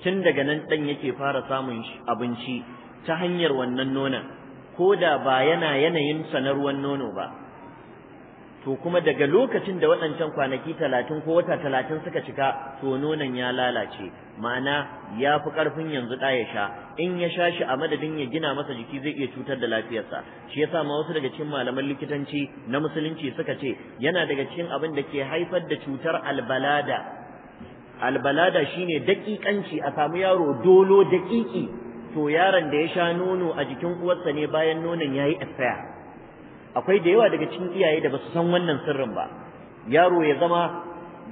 tun daga nan ɗan yake fara samun abinci ta hanyar wannan nonon ko da ba yana yanayin na nono ba to kuma daga lokacin da waɗancan kwanaki talatin ko wata talatin suka cika to nonon ya lalace ma'ana ya fi ƙarfin yanzu ɗa ya sha in ya sha shi a madadin ya gina masa jiki zai iya cutar da lafiyarsa shi yasa ma wasu daga cikin malaman likitanci na musulunci suka ce yana daga cikin abin da ke haifar da cutar albalada albalada shine daƙiƙanci a samu yaro dolo daƙiƙi to yaron da ya sha nono a jikin uwarsa ne bayan nonon ya yi expire akwai da yawa daga cikin iyaye da basu san wannan sirrin ba yaro ya zama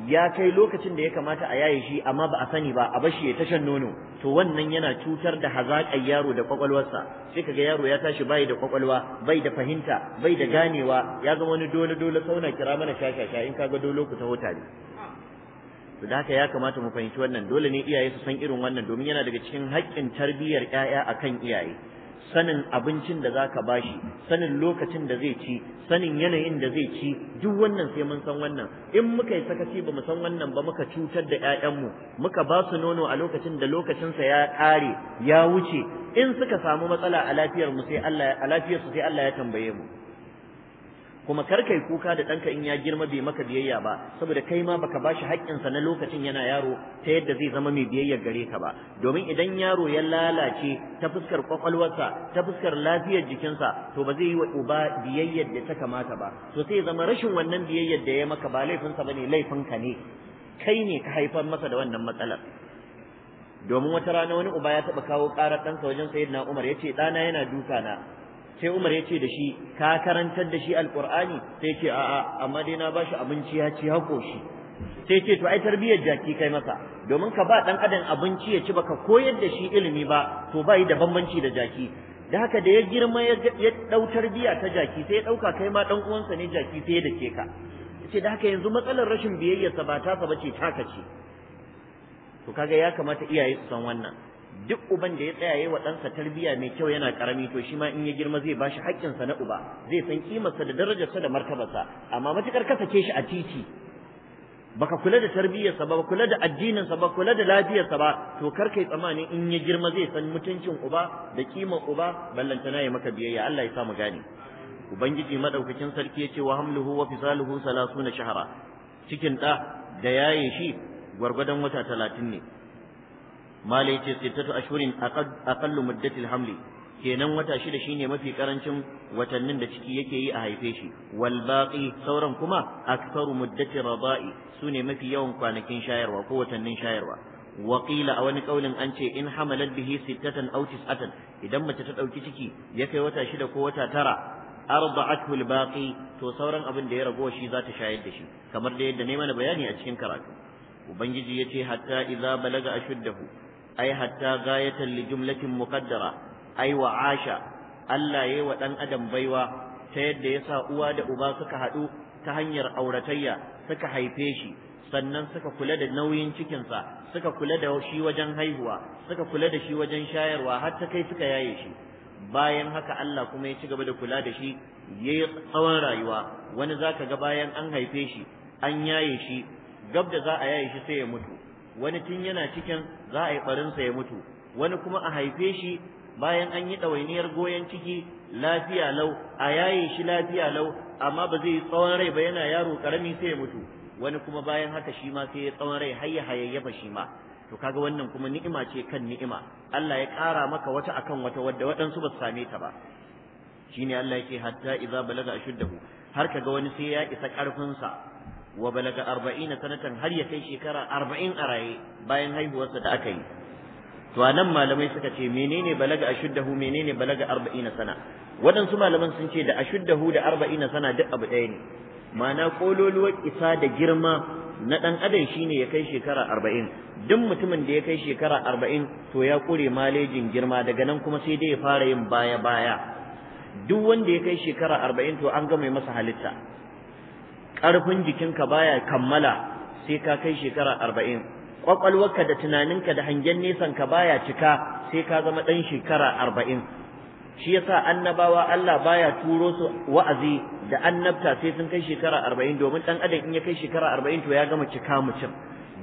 ya kai lokacin da ya kamata a yaye shi amma ba a sani ba a bashi ya tashan nono to wannan yana cutar da hazaƙar yaro da kwakwalwarsa sai kaga yaro ya tashi bai da kwakwalwa bai da fahimta bai da ganewa ya zama wani dole dole sauna kira mana shashasha in kaga dole ku taho ne to haka ya kamata mu fahimci wannan dole ne iyaye su san irin wannan domin yana daga cikin haƙƙin tarbiyyar ƴaƴa akan iyaye sanin abincin da zaka bashi sanin lokacin da zai ci sanin yanayin da zai ci duk wannan sai mun san wannan in muka yi sakaci ba mu san wannan ba muka cutar da ƴaƴanmu muka ba su nono a lokacin da lokacinsa ya ƙare ya wuce in suka samu matsala a lafiyar sai Allah a lafiyar su sai Allah ya tambaye mu kuma kar yi kuka da ɗanka in ya girma bai maka biyayya ba saboda kai ma baka bashi sa na lokacin yana yaro ta yadda zai zama mai biyayya gare ka ba domin idan yaro ya lalace ta fuskar kwakwalwarsa ta fuskar lafiyar jikinsa to ba zai yi wa uba biyayyar da ta kamata ba to sai zama rashin wannan biyayyar da ya maka ba laifinsa bane ka ne kai ne ka haifar masa da wannan matsalar domin wata rana wani uba ya taɓa kawo ƙarar ɗansa wajen sayyidina Umar ya ce ɗana yana duka sai Umar ya ce da shi ka karantar da shi alqur'ani sai ce a'a amma dai na bashi abinci ya ci hako shi sai ce to ai tarbiyyar jaki kai masa domin ka ba dan adam abinci ya ci baka koyar da shi ilimi ba to ba yi da bambanci da jaki da haka da ya girma ya dau tarbiya ta jaki sai ya dauka kai ma dan uwansa ne jaki sai ya dake ka ce da haka yanzu matsalar rashin biyayyarsa ba ta ba ce taka ce to kaga ya kamata iyaye su san wannan duk uban da ya tsaya yayi wa ɗansa tarbiyya mai kyau yana karami to shi ma in ya girma zai bashi haƙƙinsa na uba zai san kimarsa da darajarsa da martabarsa amma matukar ka sake shi a titi baka kula da tarbiyyarsa ba kula da addininsa ba kula da lafiyarsa ba to kar kai tsammanin in ya girma zai san mutuncin uba da kimar uba ballantana ya maka biyayya Allah ya sa mu gane ubangiji madaukakin sarki ya ce wa hamluhu wa fisaluhu 30 shahara cikin ɗa da yaye shi gwargwadon wata talatin ne malai ce sittatu ashhurin aqallu muddatil hamli kenan wata shida shine mafi karancin watannin da ciki yake yi a haife shi wal baqi sauran kuma aktharu muddati rada'i sune mafi yawan kwanakin shayarwa ko watannin shayarwa wa qila a wani kaulin an ce in hamalat bihi sittatan aw tis'atan idan mace ta dauki ciki ya kai wata shida ko wata tara arba'athu al baqi to sauran abin da ya rago shi za ta shayar da shi kamar da yadda ne mana bayani a cikin karatu ubangiji yace hatta idza balaga ashuddahu ai hatta gayatan li jumlatin muqaddara ai wa asha Allah yayi wa dan adam baiwa ta yadda ya sa uwa da uba suka haɗu ta hanyar auratayya suka haife shi sannan suka kula da nauyin cikinsa suka kula da shi wajen haihuwa suka kula da shi wajen shayarwa har ta kai suka yaye shi bayan haka Allah kuma ya ci gaba da kula da shi yayi tsawon rayuwa wani zaka ga bayan an haife shi an yaye shi gab da za a yaye shi sai ya mutu wani tun yana cikin za a yi barinsa ya mutu wani kuma a haife shi bayan an yi ɗawainiyar goyon ciki lafiya lau a yaye shi lafiya lau amma ba zai yi tsawon rai ba yana yaro karami sai ya mutu wani kuma bayan haka shi ma sai ya tsawon rai har ya hayayyafa shi ma to kaga wannan kuma ni'ima ce kan ni'ima Allah ya ƙara maka wata akan wata wadda waɗansu ba su same ta ba shine Allah yake hatta idza balaga ashuddahu har kaga wani sai ya isa ƙarfinsa wa balaga arba'ina sanatan har ya kai shekara arba'in a raye bayan haihuwarsa da aka yi to anan malamai suka ce menene balaga ashuddahu menene balaga arba'ina sana waɗansu malaman sun ce da ashuddahu da arba'ina sana duk abu ɗaya ne ma'ana kololuwar isa da girma na ɗan adam shine ya kai shekara arba'in duk mutumin da ya kai shekara arba'in to ya ƙure malejin girma daga nan kuma sai dai ya fara yin baya baya duk wanda ya kai shekara arba'in to an gama masa halitta ƙarfin jikinka baya kammala sai ka kai shekara arba'in ƙwaƙwalwarka da tunaninka da hangen nesanka baya cika sai ka zama ɗan shekara arba'in shi yasa annabawa Allah baya turo su wa'azi da annabta sai sun kai shekara arba'in domin ɗan adam in ya kai shekara arba'in to ya gama cika mutum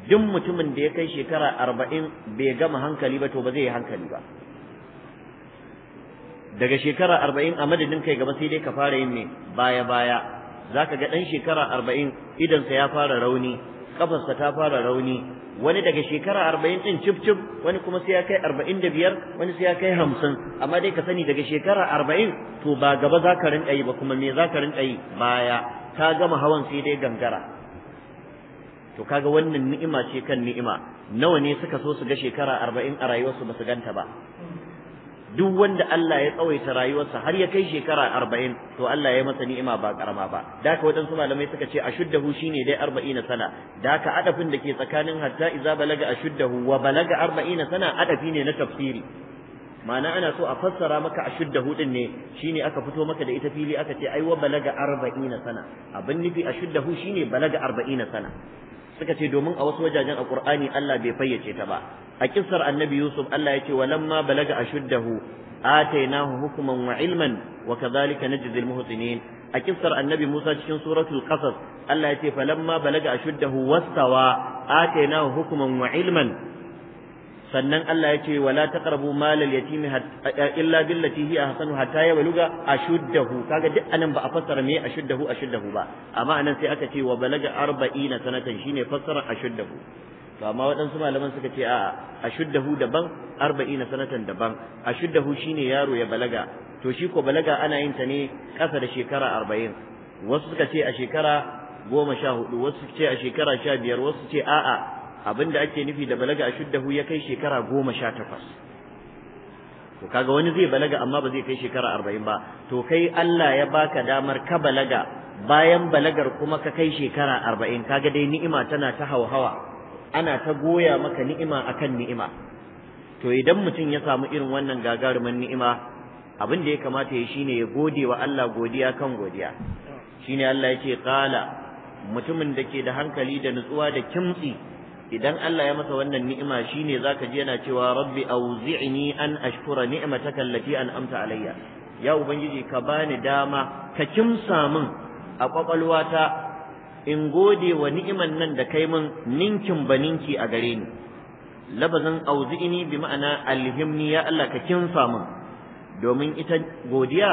duk mutumin da ya kai shekara arba'in bai gama hankali ba to ba zai yi hankali ba daga shekara arba'in a madadin kai gaba sai dai ka fara yin ne baya baya zaka ga dan shekara arba'in sa ya fara rauni sa ta fara rauni wani daga shekara arba'in din cif wani kuma sai ya kai arba'in da biyar wani sai ya kai hamsin amma dai ka sani daga shekara arba'in to ba gaba zaka ka rinƙa yi ba kuma me za ka yi baya ka gama hawan sai dai gangara to kaga wannan ni'ima ce kan ni'ima nawa ne suka so su ga shekara arba'in a rayuwarsu ba su ganta ba duk wanda Allah ya tsawaita rayuwarsa har ya kai shekara arba'in to Allah ya masa ni'ima ba karama ba da haka waɗansu malamai suka ce ashuddahu shine dai arba'ina sana da ka adafin da ke tsakanin hatta iza balaga hu wa balaga arba'ina sana adafi ne na tafsiri ma'ana ana so a fassara maka hu din ne shine aka fito maka da ita fili aka ce ai wa balaga arba'ina sana abin nufi hu shine balaga arba'ina sana suka ce domin a wasu wajajen a Qur'ani Allah bai fayyace ta ba a kissar Annabi Yusuf Allah ya ce lamma balaga ashuddahu atainahu hukman wa ilman wa kadhalika najzil muhsinin a kissar Annabi Musa cikin suratul qasas Allah ya ce lamma balaga ashuddahu wastawa atainahu hukman wa ilman sannan Allah ya yake wala taqrabu malal yatimi illa billati hiya ahsanu hatta yabluga ashuddahu kaga duk anan ba a fassara me ashuddahu ashuddahu ba amma anan sai aka ce wa balaga 40 sanatan shine fassara ashuddahu to amma waɗansu malaman suka ce a'a ashuddahu daban 40 sanatan daban ashuddahu shine yaro ya balaga to shi ko balaga ana yin ta ne ƙasa da shekara 40 wasu suka ce a shekara goma sha hudu wasu ce a shekara sha biyar wasu ce a'a abinda ake nufi da balaga ashuddahu ya kai shekara goma sha takwas to kaga wani zai balaga amma ba zai kai shekara arba'in ba to kai Allah ya baka damar ka balaga bayan balagar kuma ka kai shekara arba'in kaga dai ni'ima tana ta hauhawa ana ta goya maka ni'ima akan ni'ima to idan mutum ya samu irin wannan gagarumin ni'ima abin da ya kamata ya shine ya gode wa Allah godiya kan godiya shine Allah yake kala mutumin da ke da hankali da nutsuwa da kimtsi idan Allah ya masa wannan ni'ima shine zaka ji yana cewa rabbi auzi'ni an ashkura ni'mataka allati an'amta alayya ya ubangiji ka bani dama ka kimsa min a kwakwalwata in gode wa ni'iman nan da kai min ninkin baninki a gare ni Labazan auzi'ni bi ma'ana alhimni ya Allah ka kimsa min domin ita godiya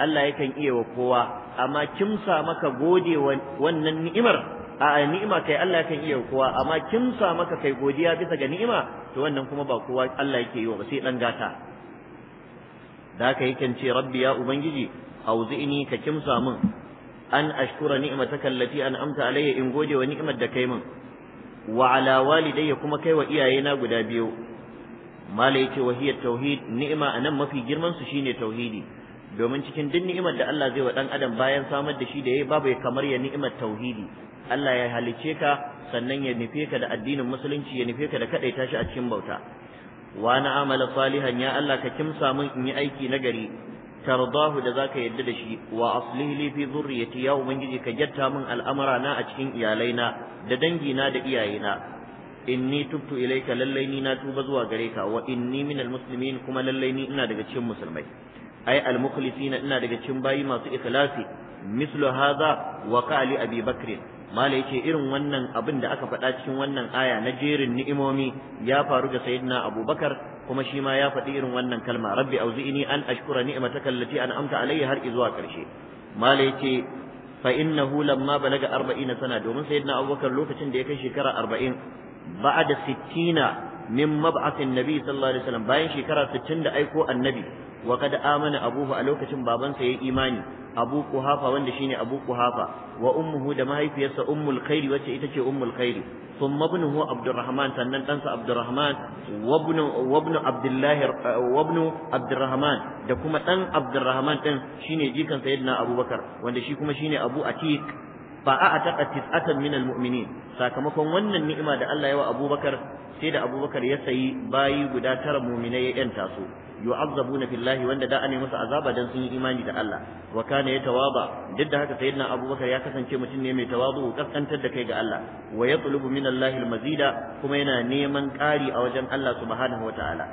Allah yakan iya wa kowa amma kimsa maka gode wa wannan ni'imar a ni'ima kai Allah kan iya kowa amma kimsa maka kai godiya bisa ga ni'ima to wannan kuma ba kowa Allah yake yi wa ba sai dan gata da haka yakan ce rabbi ya ubangiji auzi'ni ka kimsa min an ashkura ni'mataka allati an'amta alayya in gode wa ni'imar da kai min wa ala walidayya kuma kai wa iyayena guda biyu malai yake wa hiya tauhid ni'ima anan mafi girman su shine tauhidi domin cikin duk ni'imar da Allah zai wa dan adam bayan samar da shi da yayi babu kamar ya ni'imar tauhidi Allah ya halice ka sannan ya nufe ka da addinin musulunci ya nufe ka da kadaita shi a cikin bauta wa na amala salihan ya Allah ka kimsa min in yi aiki nagari tardahu da zaka yadda da shi wa aslih li fi dhurriyyati ya ubangiji ka jatta min al'amara na a cikin iyalaina da dangina da iyayena inni tubtu ilayka lallai ni na tuba zuwa gare ka wa inni minal muslimin kuma lallai ni ina daga cikin musulmai ai al mukhlisina ina daga cikin bayi masu ikhlasi mislu hadha wa qali abi bakr mala yake irin wannan abin da aka faɗa cikin wannan aya na jerin ni'imomi ya faru ga sayyidina abubakar kuma shi ma ya faɗi irin wannan kalma rabbi auzi'ini an ashkura ni'mataka allati an'amta alayya har zuwa ƙarshe mala yake fa innahu lamma balaga 40 sana domin sayyidina abubakar lokacin da ya kai shekara 40 ba'da 60 min mab'athin nabi sallallahu alaihi wasallam bayan shekara 60 da aiko annabi wa kad amana abuhu a lokacin babansa ya yi imani abu kuhafa wanda shine abu kuhafa wa ummuhu da mahaifiyarsa ummul wacce ita ce ummul khairi thumma ibnuhu abdurrahman sannan ɗansa abdurrahman wa ibnu da kuma ɗan abdurrahman din shine jikan na abubakar wanda shi kuma shine abu atiq fa a ataqa tis'atan minal mu'minin sakamakon wannan ni'ima da Allah ya wa Abubakar sai da Abubakar ya sayi bayi guda tara mu'minai ya yanta su yu'azzabuna fillahi wanda da ane musu azaba dan sun yi imani da Allah wa kana yatawaba duk da haka sayyidina Abubakar ya kasance mutum ne mai tawadu kaskantar da kai ga Allah wa yatlubu min Allah almazida kuma yana neman ƙari a wajen Allah subhanahu wataala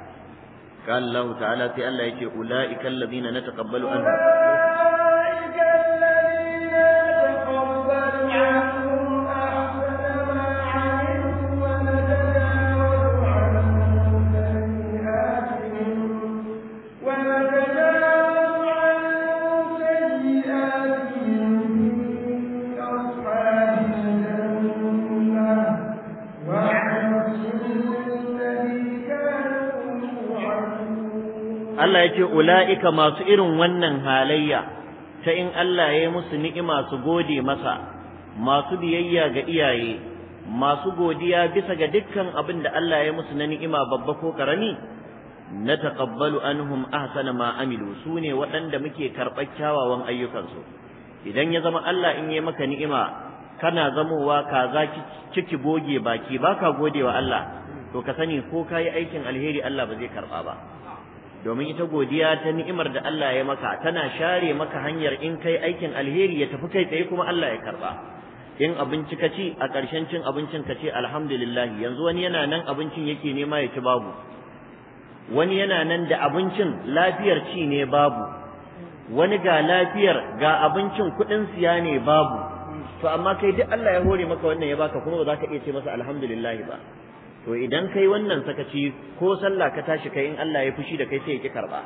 قال الله تعالى في الله يتي أولئك الذين نتقبل عنهم أولئك الذين نتقبل عنهم Allah ya ce ula'ika masu irin wannan halayya ta in Allah ya yi musu ni'ima su gode masa masu biyayya ga iyaye masu godiya bisa ga dukkan abin da Allah ya musu na ni'ima babba ko karami na taqabbalu anhum ahsana ma amilu su ne waɗanda muke karɓar kyawawan ayyukansu idan ya zama Allah in yi maka ni'ima kana zamowa kaza ciki goge baki baka godewa Allah to ka sani ko kayi aikin alheri Allah ba zai karɓa ba domin ita godiya ta ni'imar da Allah ya maka tana share maka hanyar in kai aikin alheri ya tafi kai tsaye kuma Allah ya karba in abinci ka ci a ƙarshen cin abincin ka ce alhamdulillah yanzu wani yana nan abincin yake nema ya ci babu wani yana nan da abincin lafiyar ci ne babu wani ga lafiyar ga abincin kuɗin siya ne babu to amma kai duk Allah ya hore maka wannan ya baka kuma ba za ka iya ce masa alhamdulillah ba to idan kai wannan sakaci ko sallah ka tashi kai in Allah ya fushi da kai sai ki karba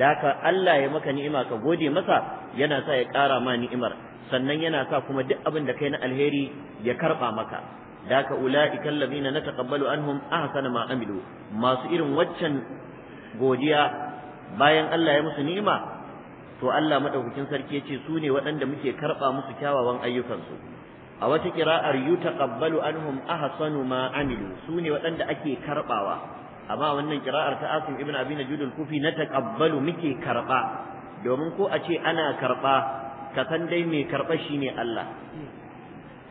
daka Allah ya maka ni'ima ka gode masa yana sa ya ƙara ma ni'imar sannan yana sa kuma duk abin da kai na alheri ya karba maka daka ka ula'ika allazina nataqabbalu anhum ahsana ma amilu masu irin waccan godiya bayan Allah ya musu ni'ima to Allah madaukakin sarki ya ce su ne waɗanda muke karba musu kyawawan ayyukansu a wata kira'ar yutaqabbalu anhum ahsanu ma amilu sune waɗanda ake karbawa amma wannan kira'ar ta Asim ibn Abi Najud al-Kufi na taqabbalu muke karba domin ko a ce ana karba ka san dai mai karba shine Allah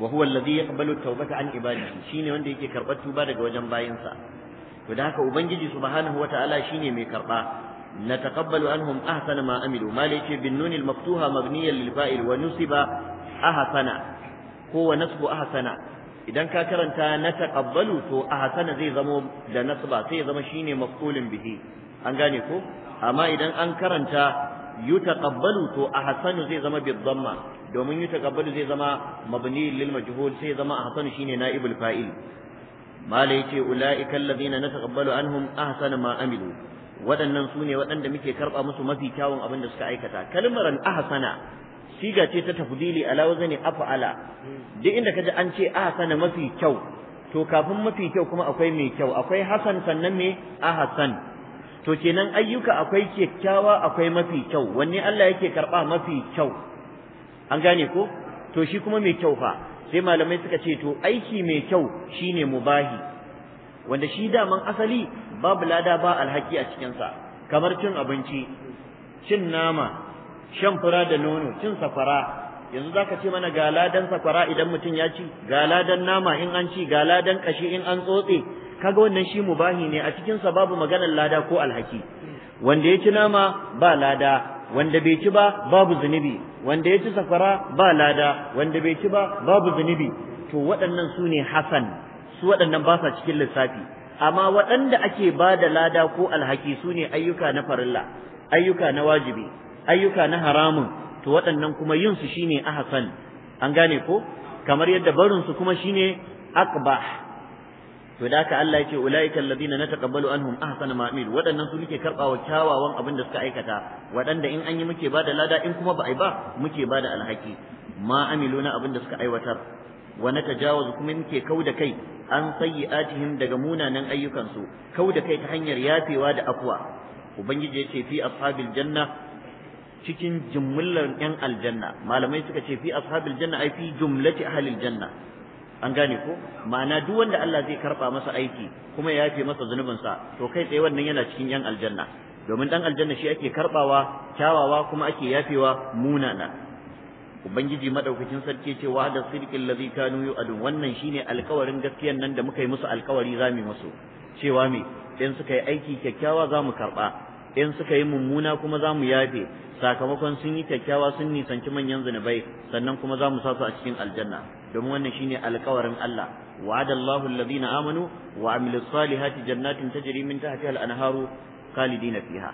wa huwa alladhi yaqbalu ta'ubata an ibadihi shine wanda yake karbar tuba daga wajen bayinsa to da haka ubangiji subhanahu wataala shine mai karba نتقبل عنهم أحسن ما عملوا ما ليش بالنون المفتوحة مبنية للفائل ونصب أحسن ko wa nasbu ahsana idan ka karanta na taqabbalu to ahsana zai zama da nasba sai ya zama shine maf'ulun bihi an gane ko amma idan an karanta yutaqabbalu to ahsanu zai zama bi dhamma domin yutaqabbalu zai zama mabni lil majhul sai zama ahsanu shine naibul fa'il mala yace ulaika alladhina nataqabbalu anhum ahsana ma amilu waɗannan sune ne waɗanda muke karɓa musu mafi kyawun abin da suka aikata kalmar ahsana siga ce ta tafdili ala wazni af'ala duk inda kaji an ce ahsana mafi kyau to kafin mafi kyau kuma akwai mai kyau akwai hasan sannan me hasan to kenan ayyuka akwai kyakkyawa akwai mafi kyau wanne Allah yake karba mafi kyau an gane ko to shi kuma mai kyau fa sai malamai suka ce to aiki mai kyau shine mubahi wanda shi daman asali babu lada ba alhaki a cikinsa kamar cin abinci cin nama shan fura da nono cin safara yanzu zaka ce mana ga ladan safara idan mutum ya ci ga ladan nama in an ci ga ladan kashi in an tsotse kaga wannan shi mubahi ne a cikin sa babu maganar lada ko alhaki wanda ya ci nama ba lada wanda bai ci ba babu zunubi wanda ya ci safara ba lada wanda bai ci ba babu zunubi to waɗannan su ne hasan su waɗannan ba sa cikin lissafi amma waɗanda ake ba da lada ko alhaki su ne ayyuka na farilla ayyuka na wajibi ayyuka na haramun to waɗannan kuma yin su shine ahsan an gane ko kamar yadda barin su kuma shine aqbah to da ka Allah yake ulaiikal ladina nataqabbalu anhum ahsana ma amil waɗannan su muke karbawa kyawawan abin da suka aikata waɗanda in an yi muke bada lada in kuma ba ai ba muke bada alhaki ma amiluna abin da suka aiwatar wa natajawazu kuma muke kau da kai an sayyi'atihim daga munanan ayyukansu kau da kai ta hanyar yafewa da afwa ubangiji yace fi ashabil janna cikin jimillar yan aljanna malamai suka ce fi ashabil janna ai fi jumlati ahlil janna an gane ko ma'ana duk wanda Allah zai karba masa aiki kuma ya yafe masa zunubin sa to kai tsaye wannan yana cikin yan aljanna domin dan aljanna shi ake karbawa kyawawa kuma ake yafewa munana ubangiji madaukakin sarki ce wa da sidqil ladhi kanu yu'adun wannan shine alkawarin gaskiyan nan da muka yi musu alkawari zamu musu cewa me in suka yi aiki kyakkyawa zamu karba in suka yi mummuna kuma za mu yafe sakamakon sun yi kyakkyawa sun nisanci manyan zunubai sannan kuma za mu sa su a cikin aljanna domin wannan shine alkawarin Allah وعد الله الذين آمنوا salihati jannatin جنات تجري من al anharu خالدين Fiha.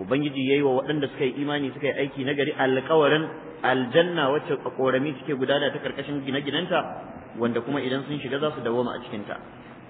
ubangiji yayi wa waɗanda suka yi imani suka yi aiki nagari alƙawarin aljanna wacce ƙorami suke gudana ta karkashin gine ginanta wanda kuma idan sun shiga za su dawoma a cikinta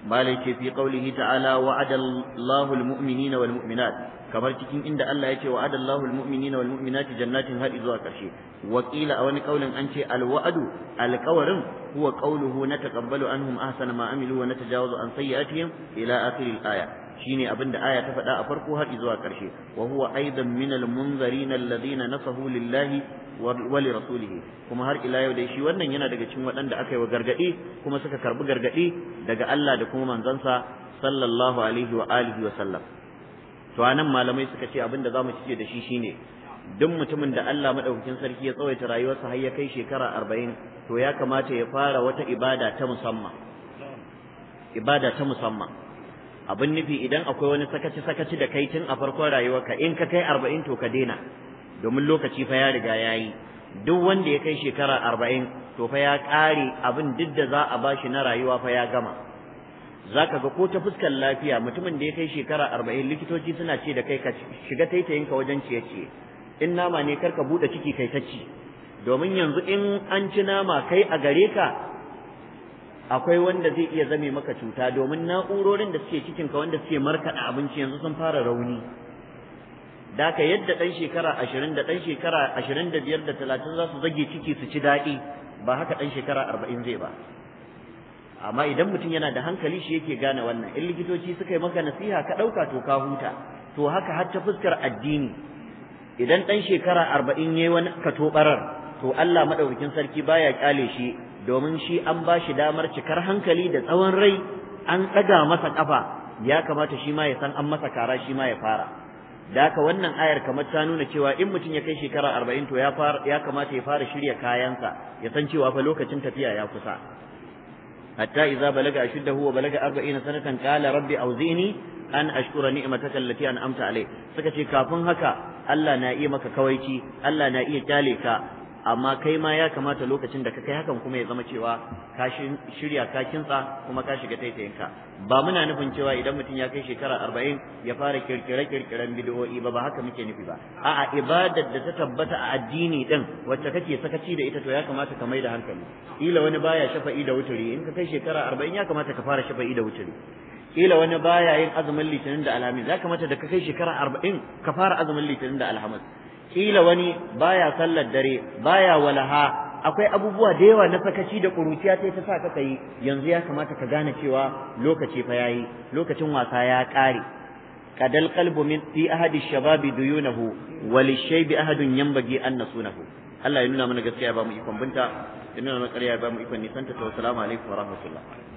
malai ce fi qaulihi ta'ala wa'ada Allahu muminina wal mu'minat kamar cikin inda Allah ya ce wa'ada Allahu wal mu'minat jannatin har zuwa karshe wa qila a wani kaulin an ce alwa'adu alqawarin huwa qawluhu nataqabbalu anhum ahsana ma amilu wa natajawazu an sayyi'atihim ila akhir al-aya shine abin da aya ta faɗa a farko har zuwa karshe wa huwa aidan min almunzarina alladhina nasahu lillahi wali rasulihi kuma har ila yau dai shi wannan yana daga cikin waɗanda aka yi wa gargaɗi kuma suka karbi gargaɗi daga Allah da kuma manzansa sallallahu alaihi wa alihi wa sallam to anan malamai suka ce abinda zamu cike da shi shine duk mutumin da Allah madaukakin sarki ya tsawaita rayuwarsa har ya kai shekara 40 to ya kamata ya fara wata ibada ta musamman ibada ta musamman abin nufi idan akwai wani sakaci sakaci da kai tun a farkon rayuwarka in ka kai 40 to ka daina domin lokaci fa ya riga yayi duk wanda ya kai shekara arba'in to fa ya kare abin duk da za a bashi na rayuwa fa ya gama zaka ga ko ta fuskar lafiya mutumin da ya kai shekara arba'in likitoci suna ce da kai ka shiga taitayinka wajen ciye-ciye in nama ne kar ka buɗe ciki kai ta ci domin yanzu in an ci nama kai a gare ka akwai wanda zai iya zame maka cuta domin na'urorin da suke cikin ka wanda suke markaɗa abinci yanzu sun fara rauni da ka yadda dan shekara ashirin da ɗan shekara ashirin da biyar da talatin za su zage ciki su ci daɗi ba haka ɗan shekara arba'in zai ba amma idan mutum yana da hankali shi yake gane wannan in likitoci suka yi maka nasiha ka ɗauka to ka huta to haka har ta fuskar addini idan ɗan shekara arba'in ya yi wani katobarar to Allah maɗaukakin sarki baya kyale shi domin shi an ba shi damar cikar hankali da tsawon rai an ɗaga masa kafa ya kamata shi ma ya san an masa kara shi ma ya fara da wannan ayar kamar ta nuna cewa in mutum ya kai shekara arba'in to ya ya kamata ya fara shirya kayansa ya san cewa fa lokacin tafiya ya kusa hatta idza balaga ashuddahu wa balaga arba'ina sanatan qala rabbi awzini an ashkura ni'mataka allati an'amta alai suka ce kafin haka Allah na iya maka kawaici Allah na iya kyale ka amma kai ma ya kamata lokacin da ka kai hakan kuma ya zama cewa ka shirya ka kintsa kuma ka shiga taitayinka ba muna nufin cewa idan mutum ya kai shekara arba'in ya fara kirkire kirkiren bidiyo'i ba ba haka muke nufi ba a'a ibadar da ta tabbata a addini din wacce kake sakaci da ita to ya kamata ka mai da hankali kila wani baya shafa'i da wuturi in ka kai shekara arba'in ya kamata ka fara shafa'i da wuturi kila wani baya yin azumin litinin da alhamis ya kamata da ka kai shekara arba'in ka fara azumin litinin da alhamis kila wani baya sallar dare baya walaha akwai abubuwa da yawa na sakaci da kuruciya sai ta sa ka kai yanzu ya kamata ka gane cewa lokaci fa yayi lokacin wasa ya ƙare kadal qalbu min fi ahadi shababi duyunahu walishaybi ahadun yanbagi an nasunahu Allah ya nuna mana gaskiya ba mu ikon binta ya nuna mana ƙarya ba mu ikon nisanta to assalamu alaikum wa rahmatullah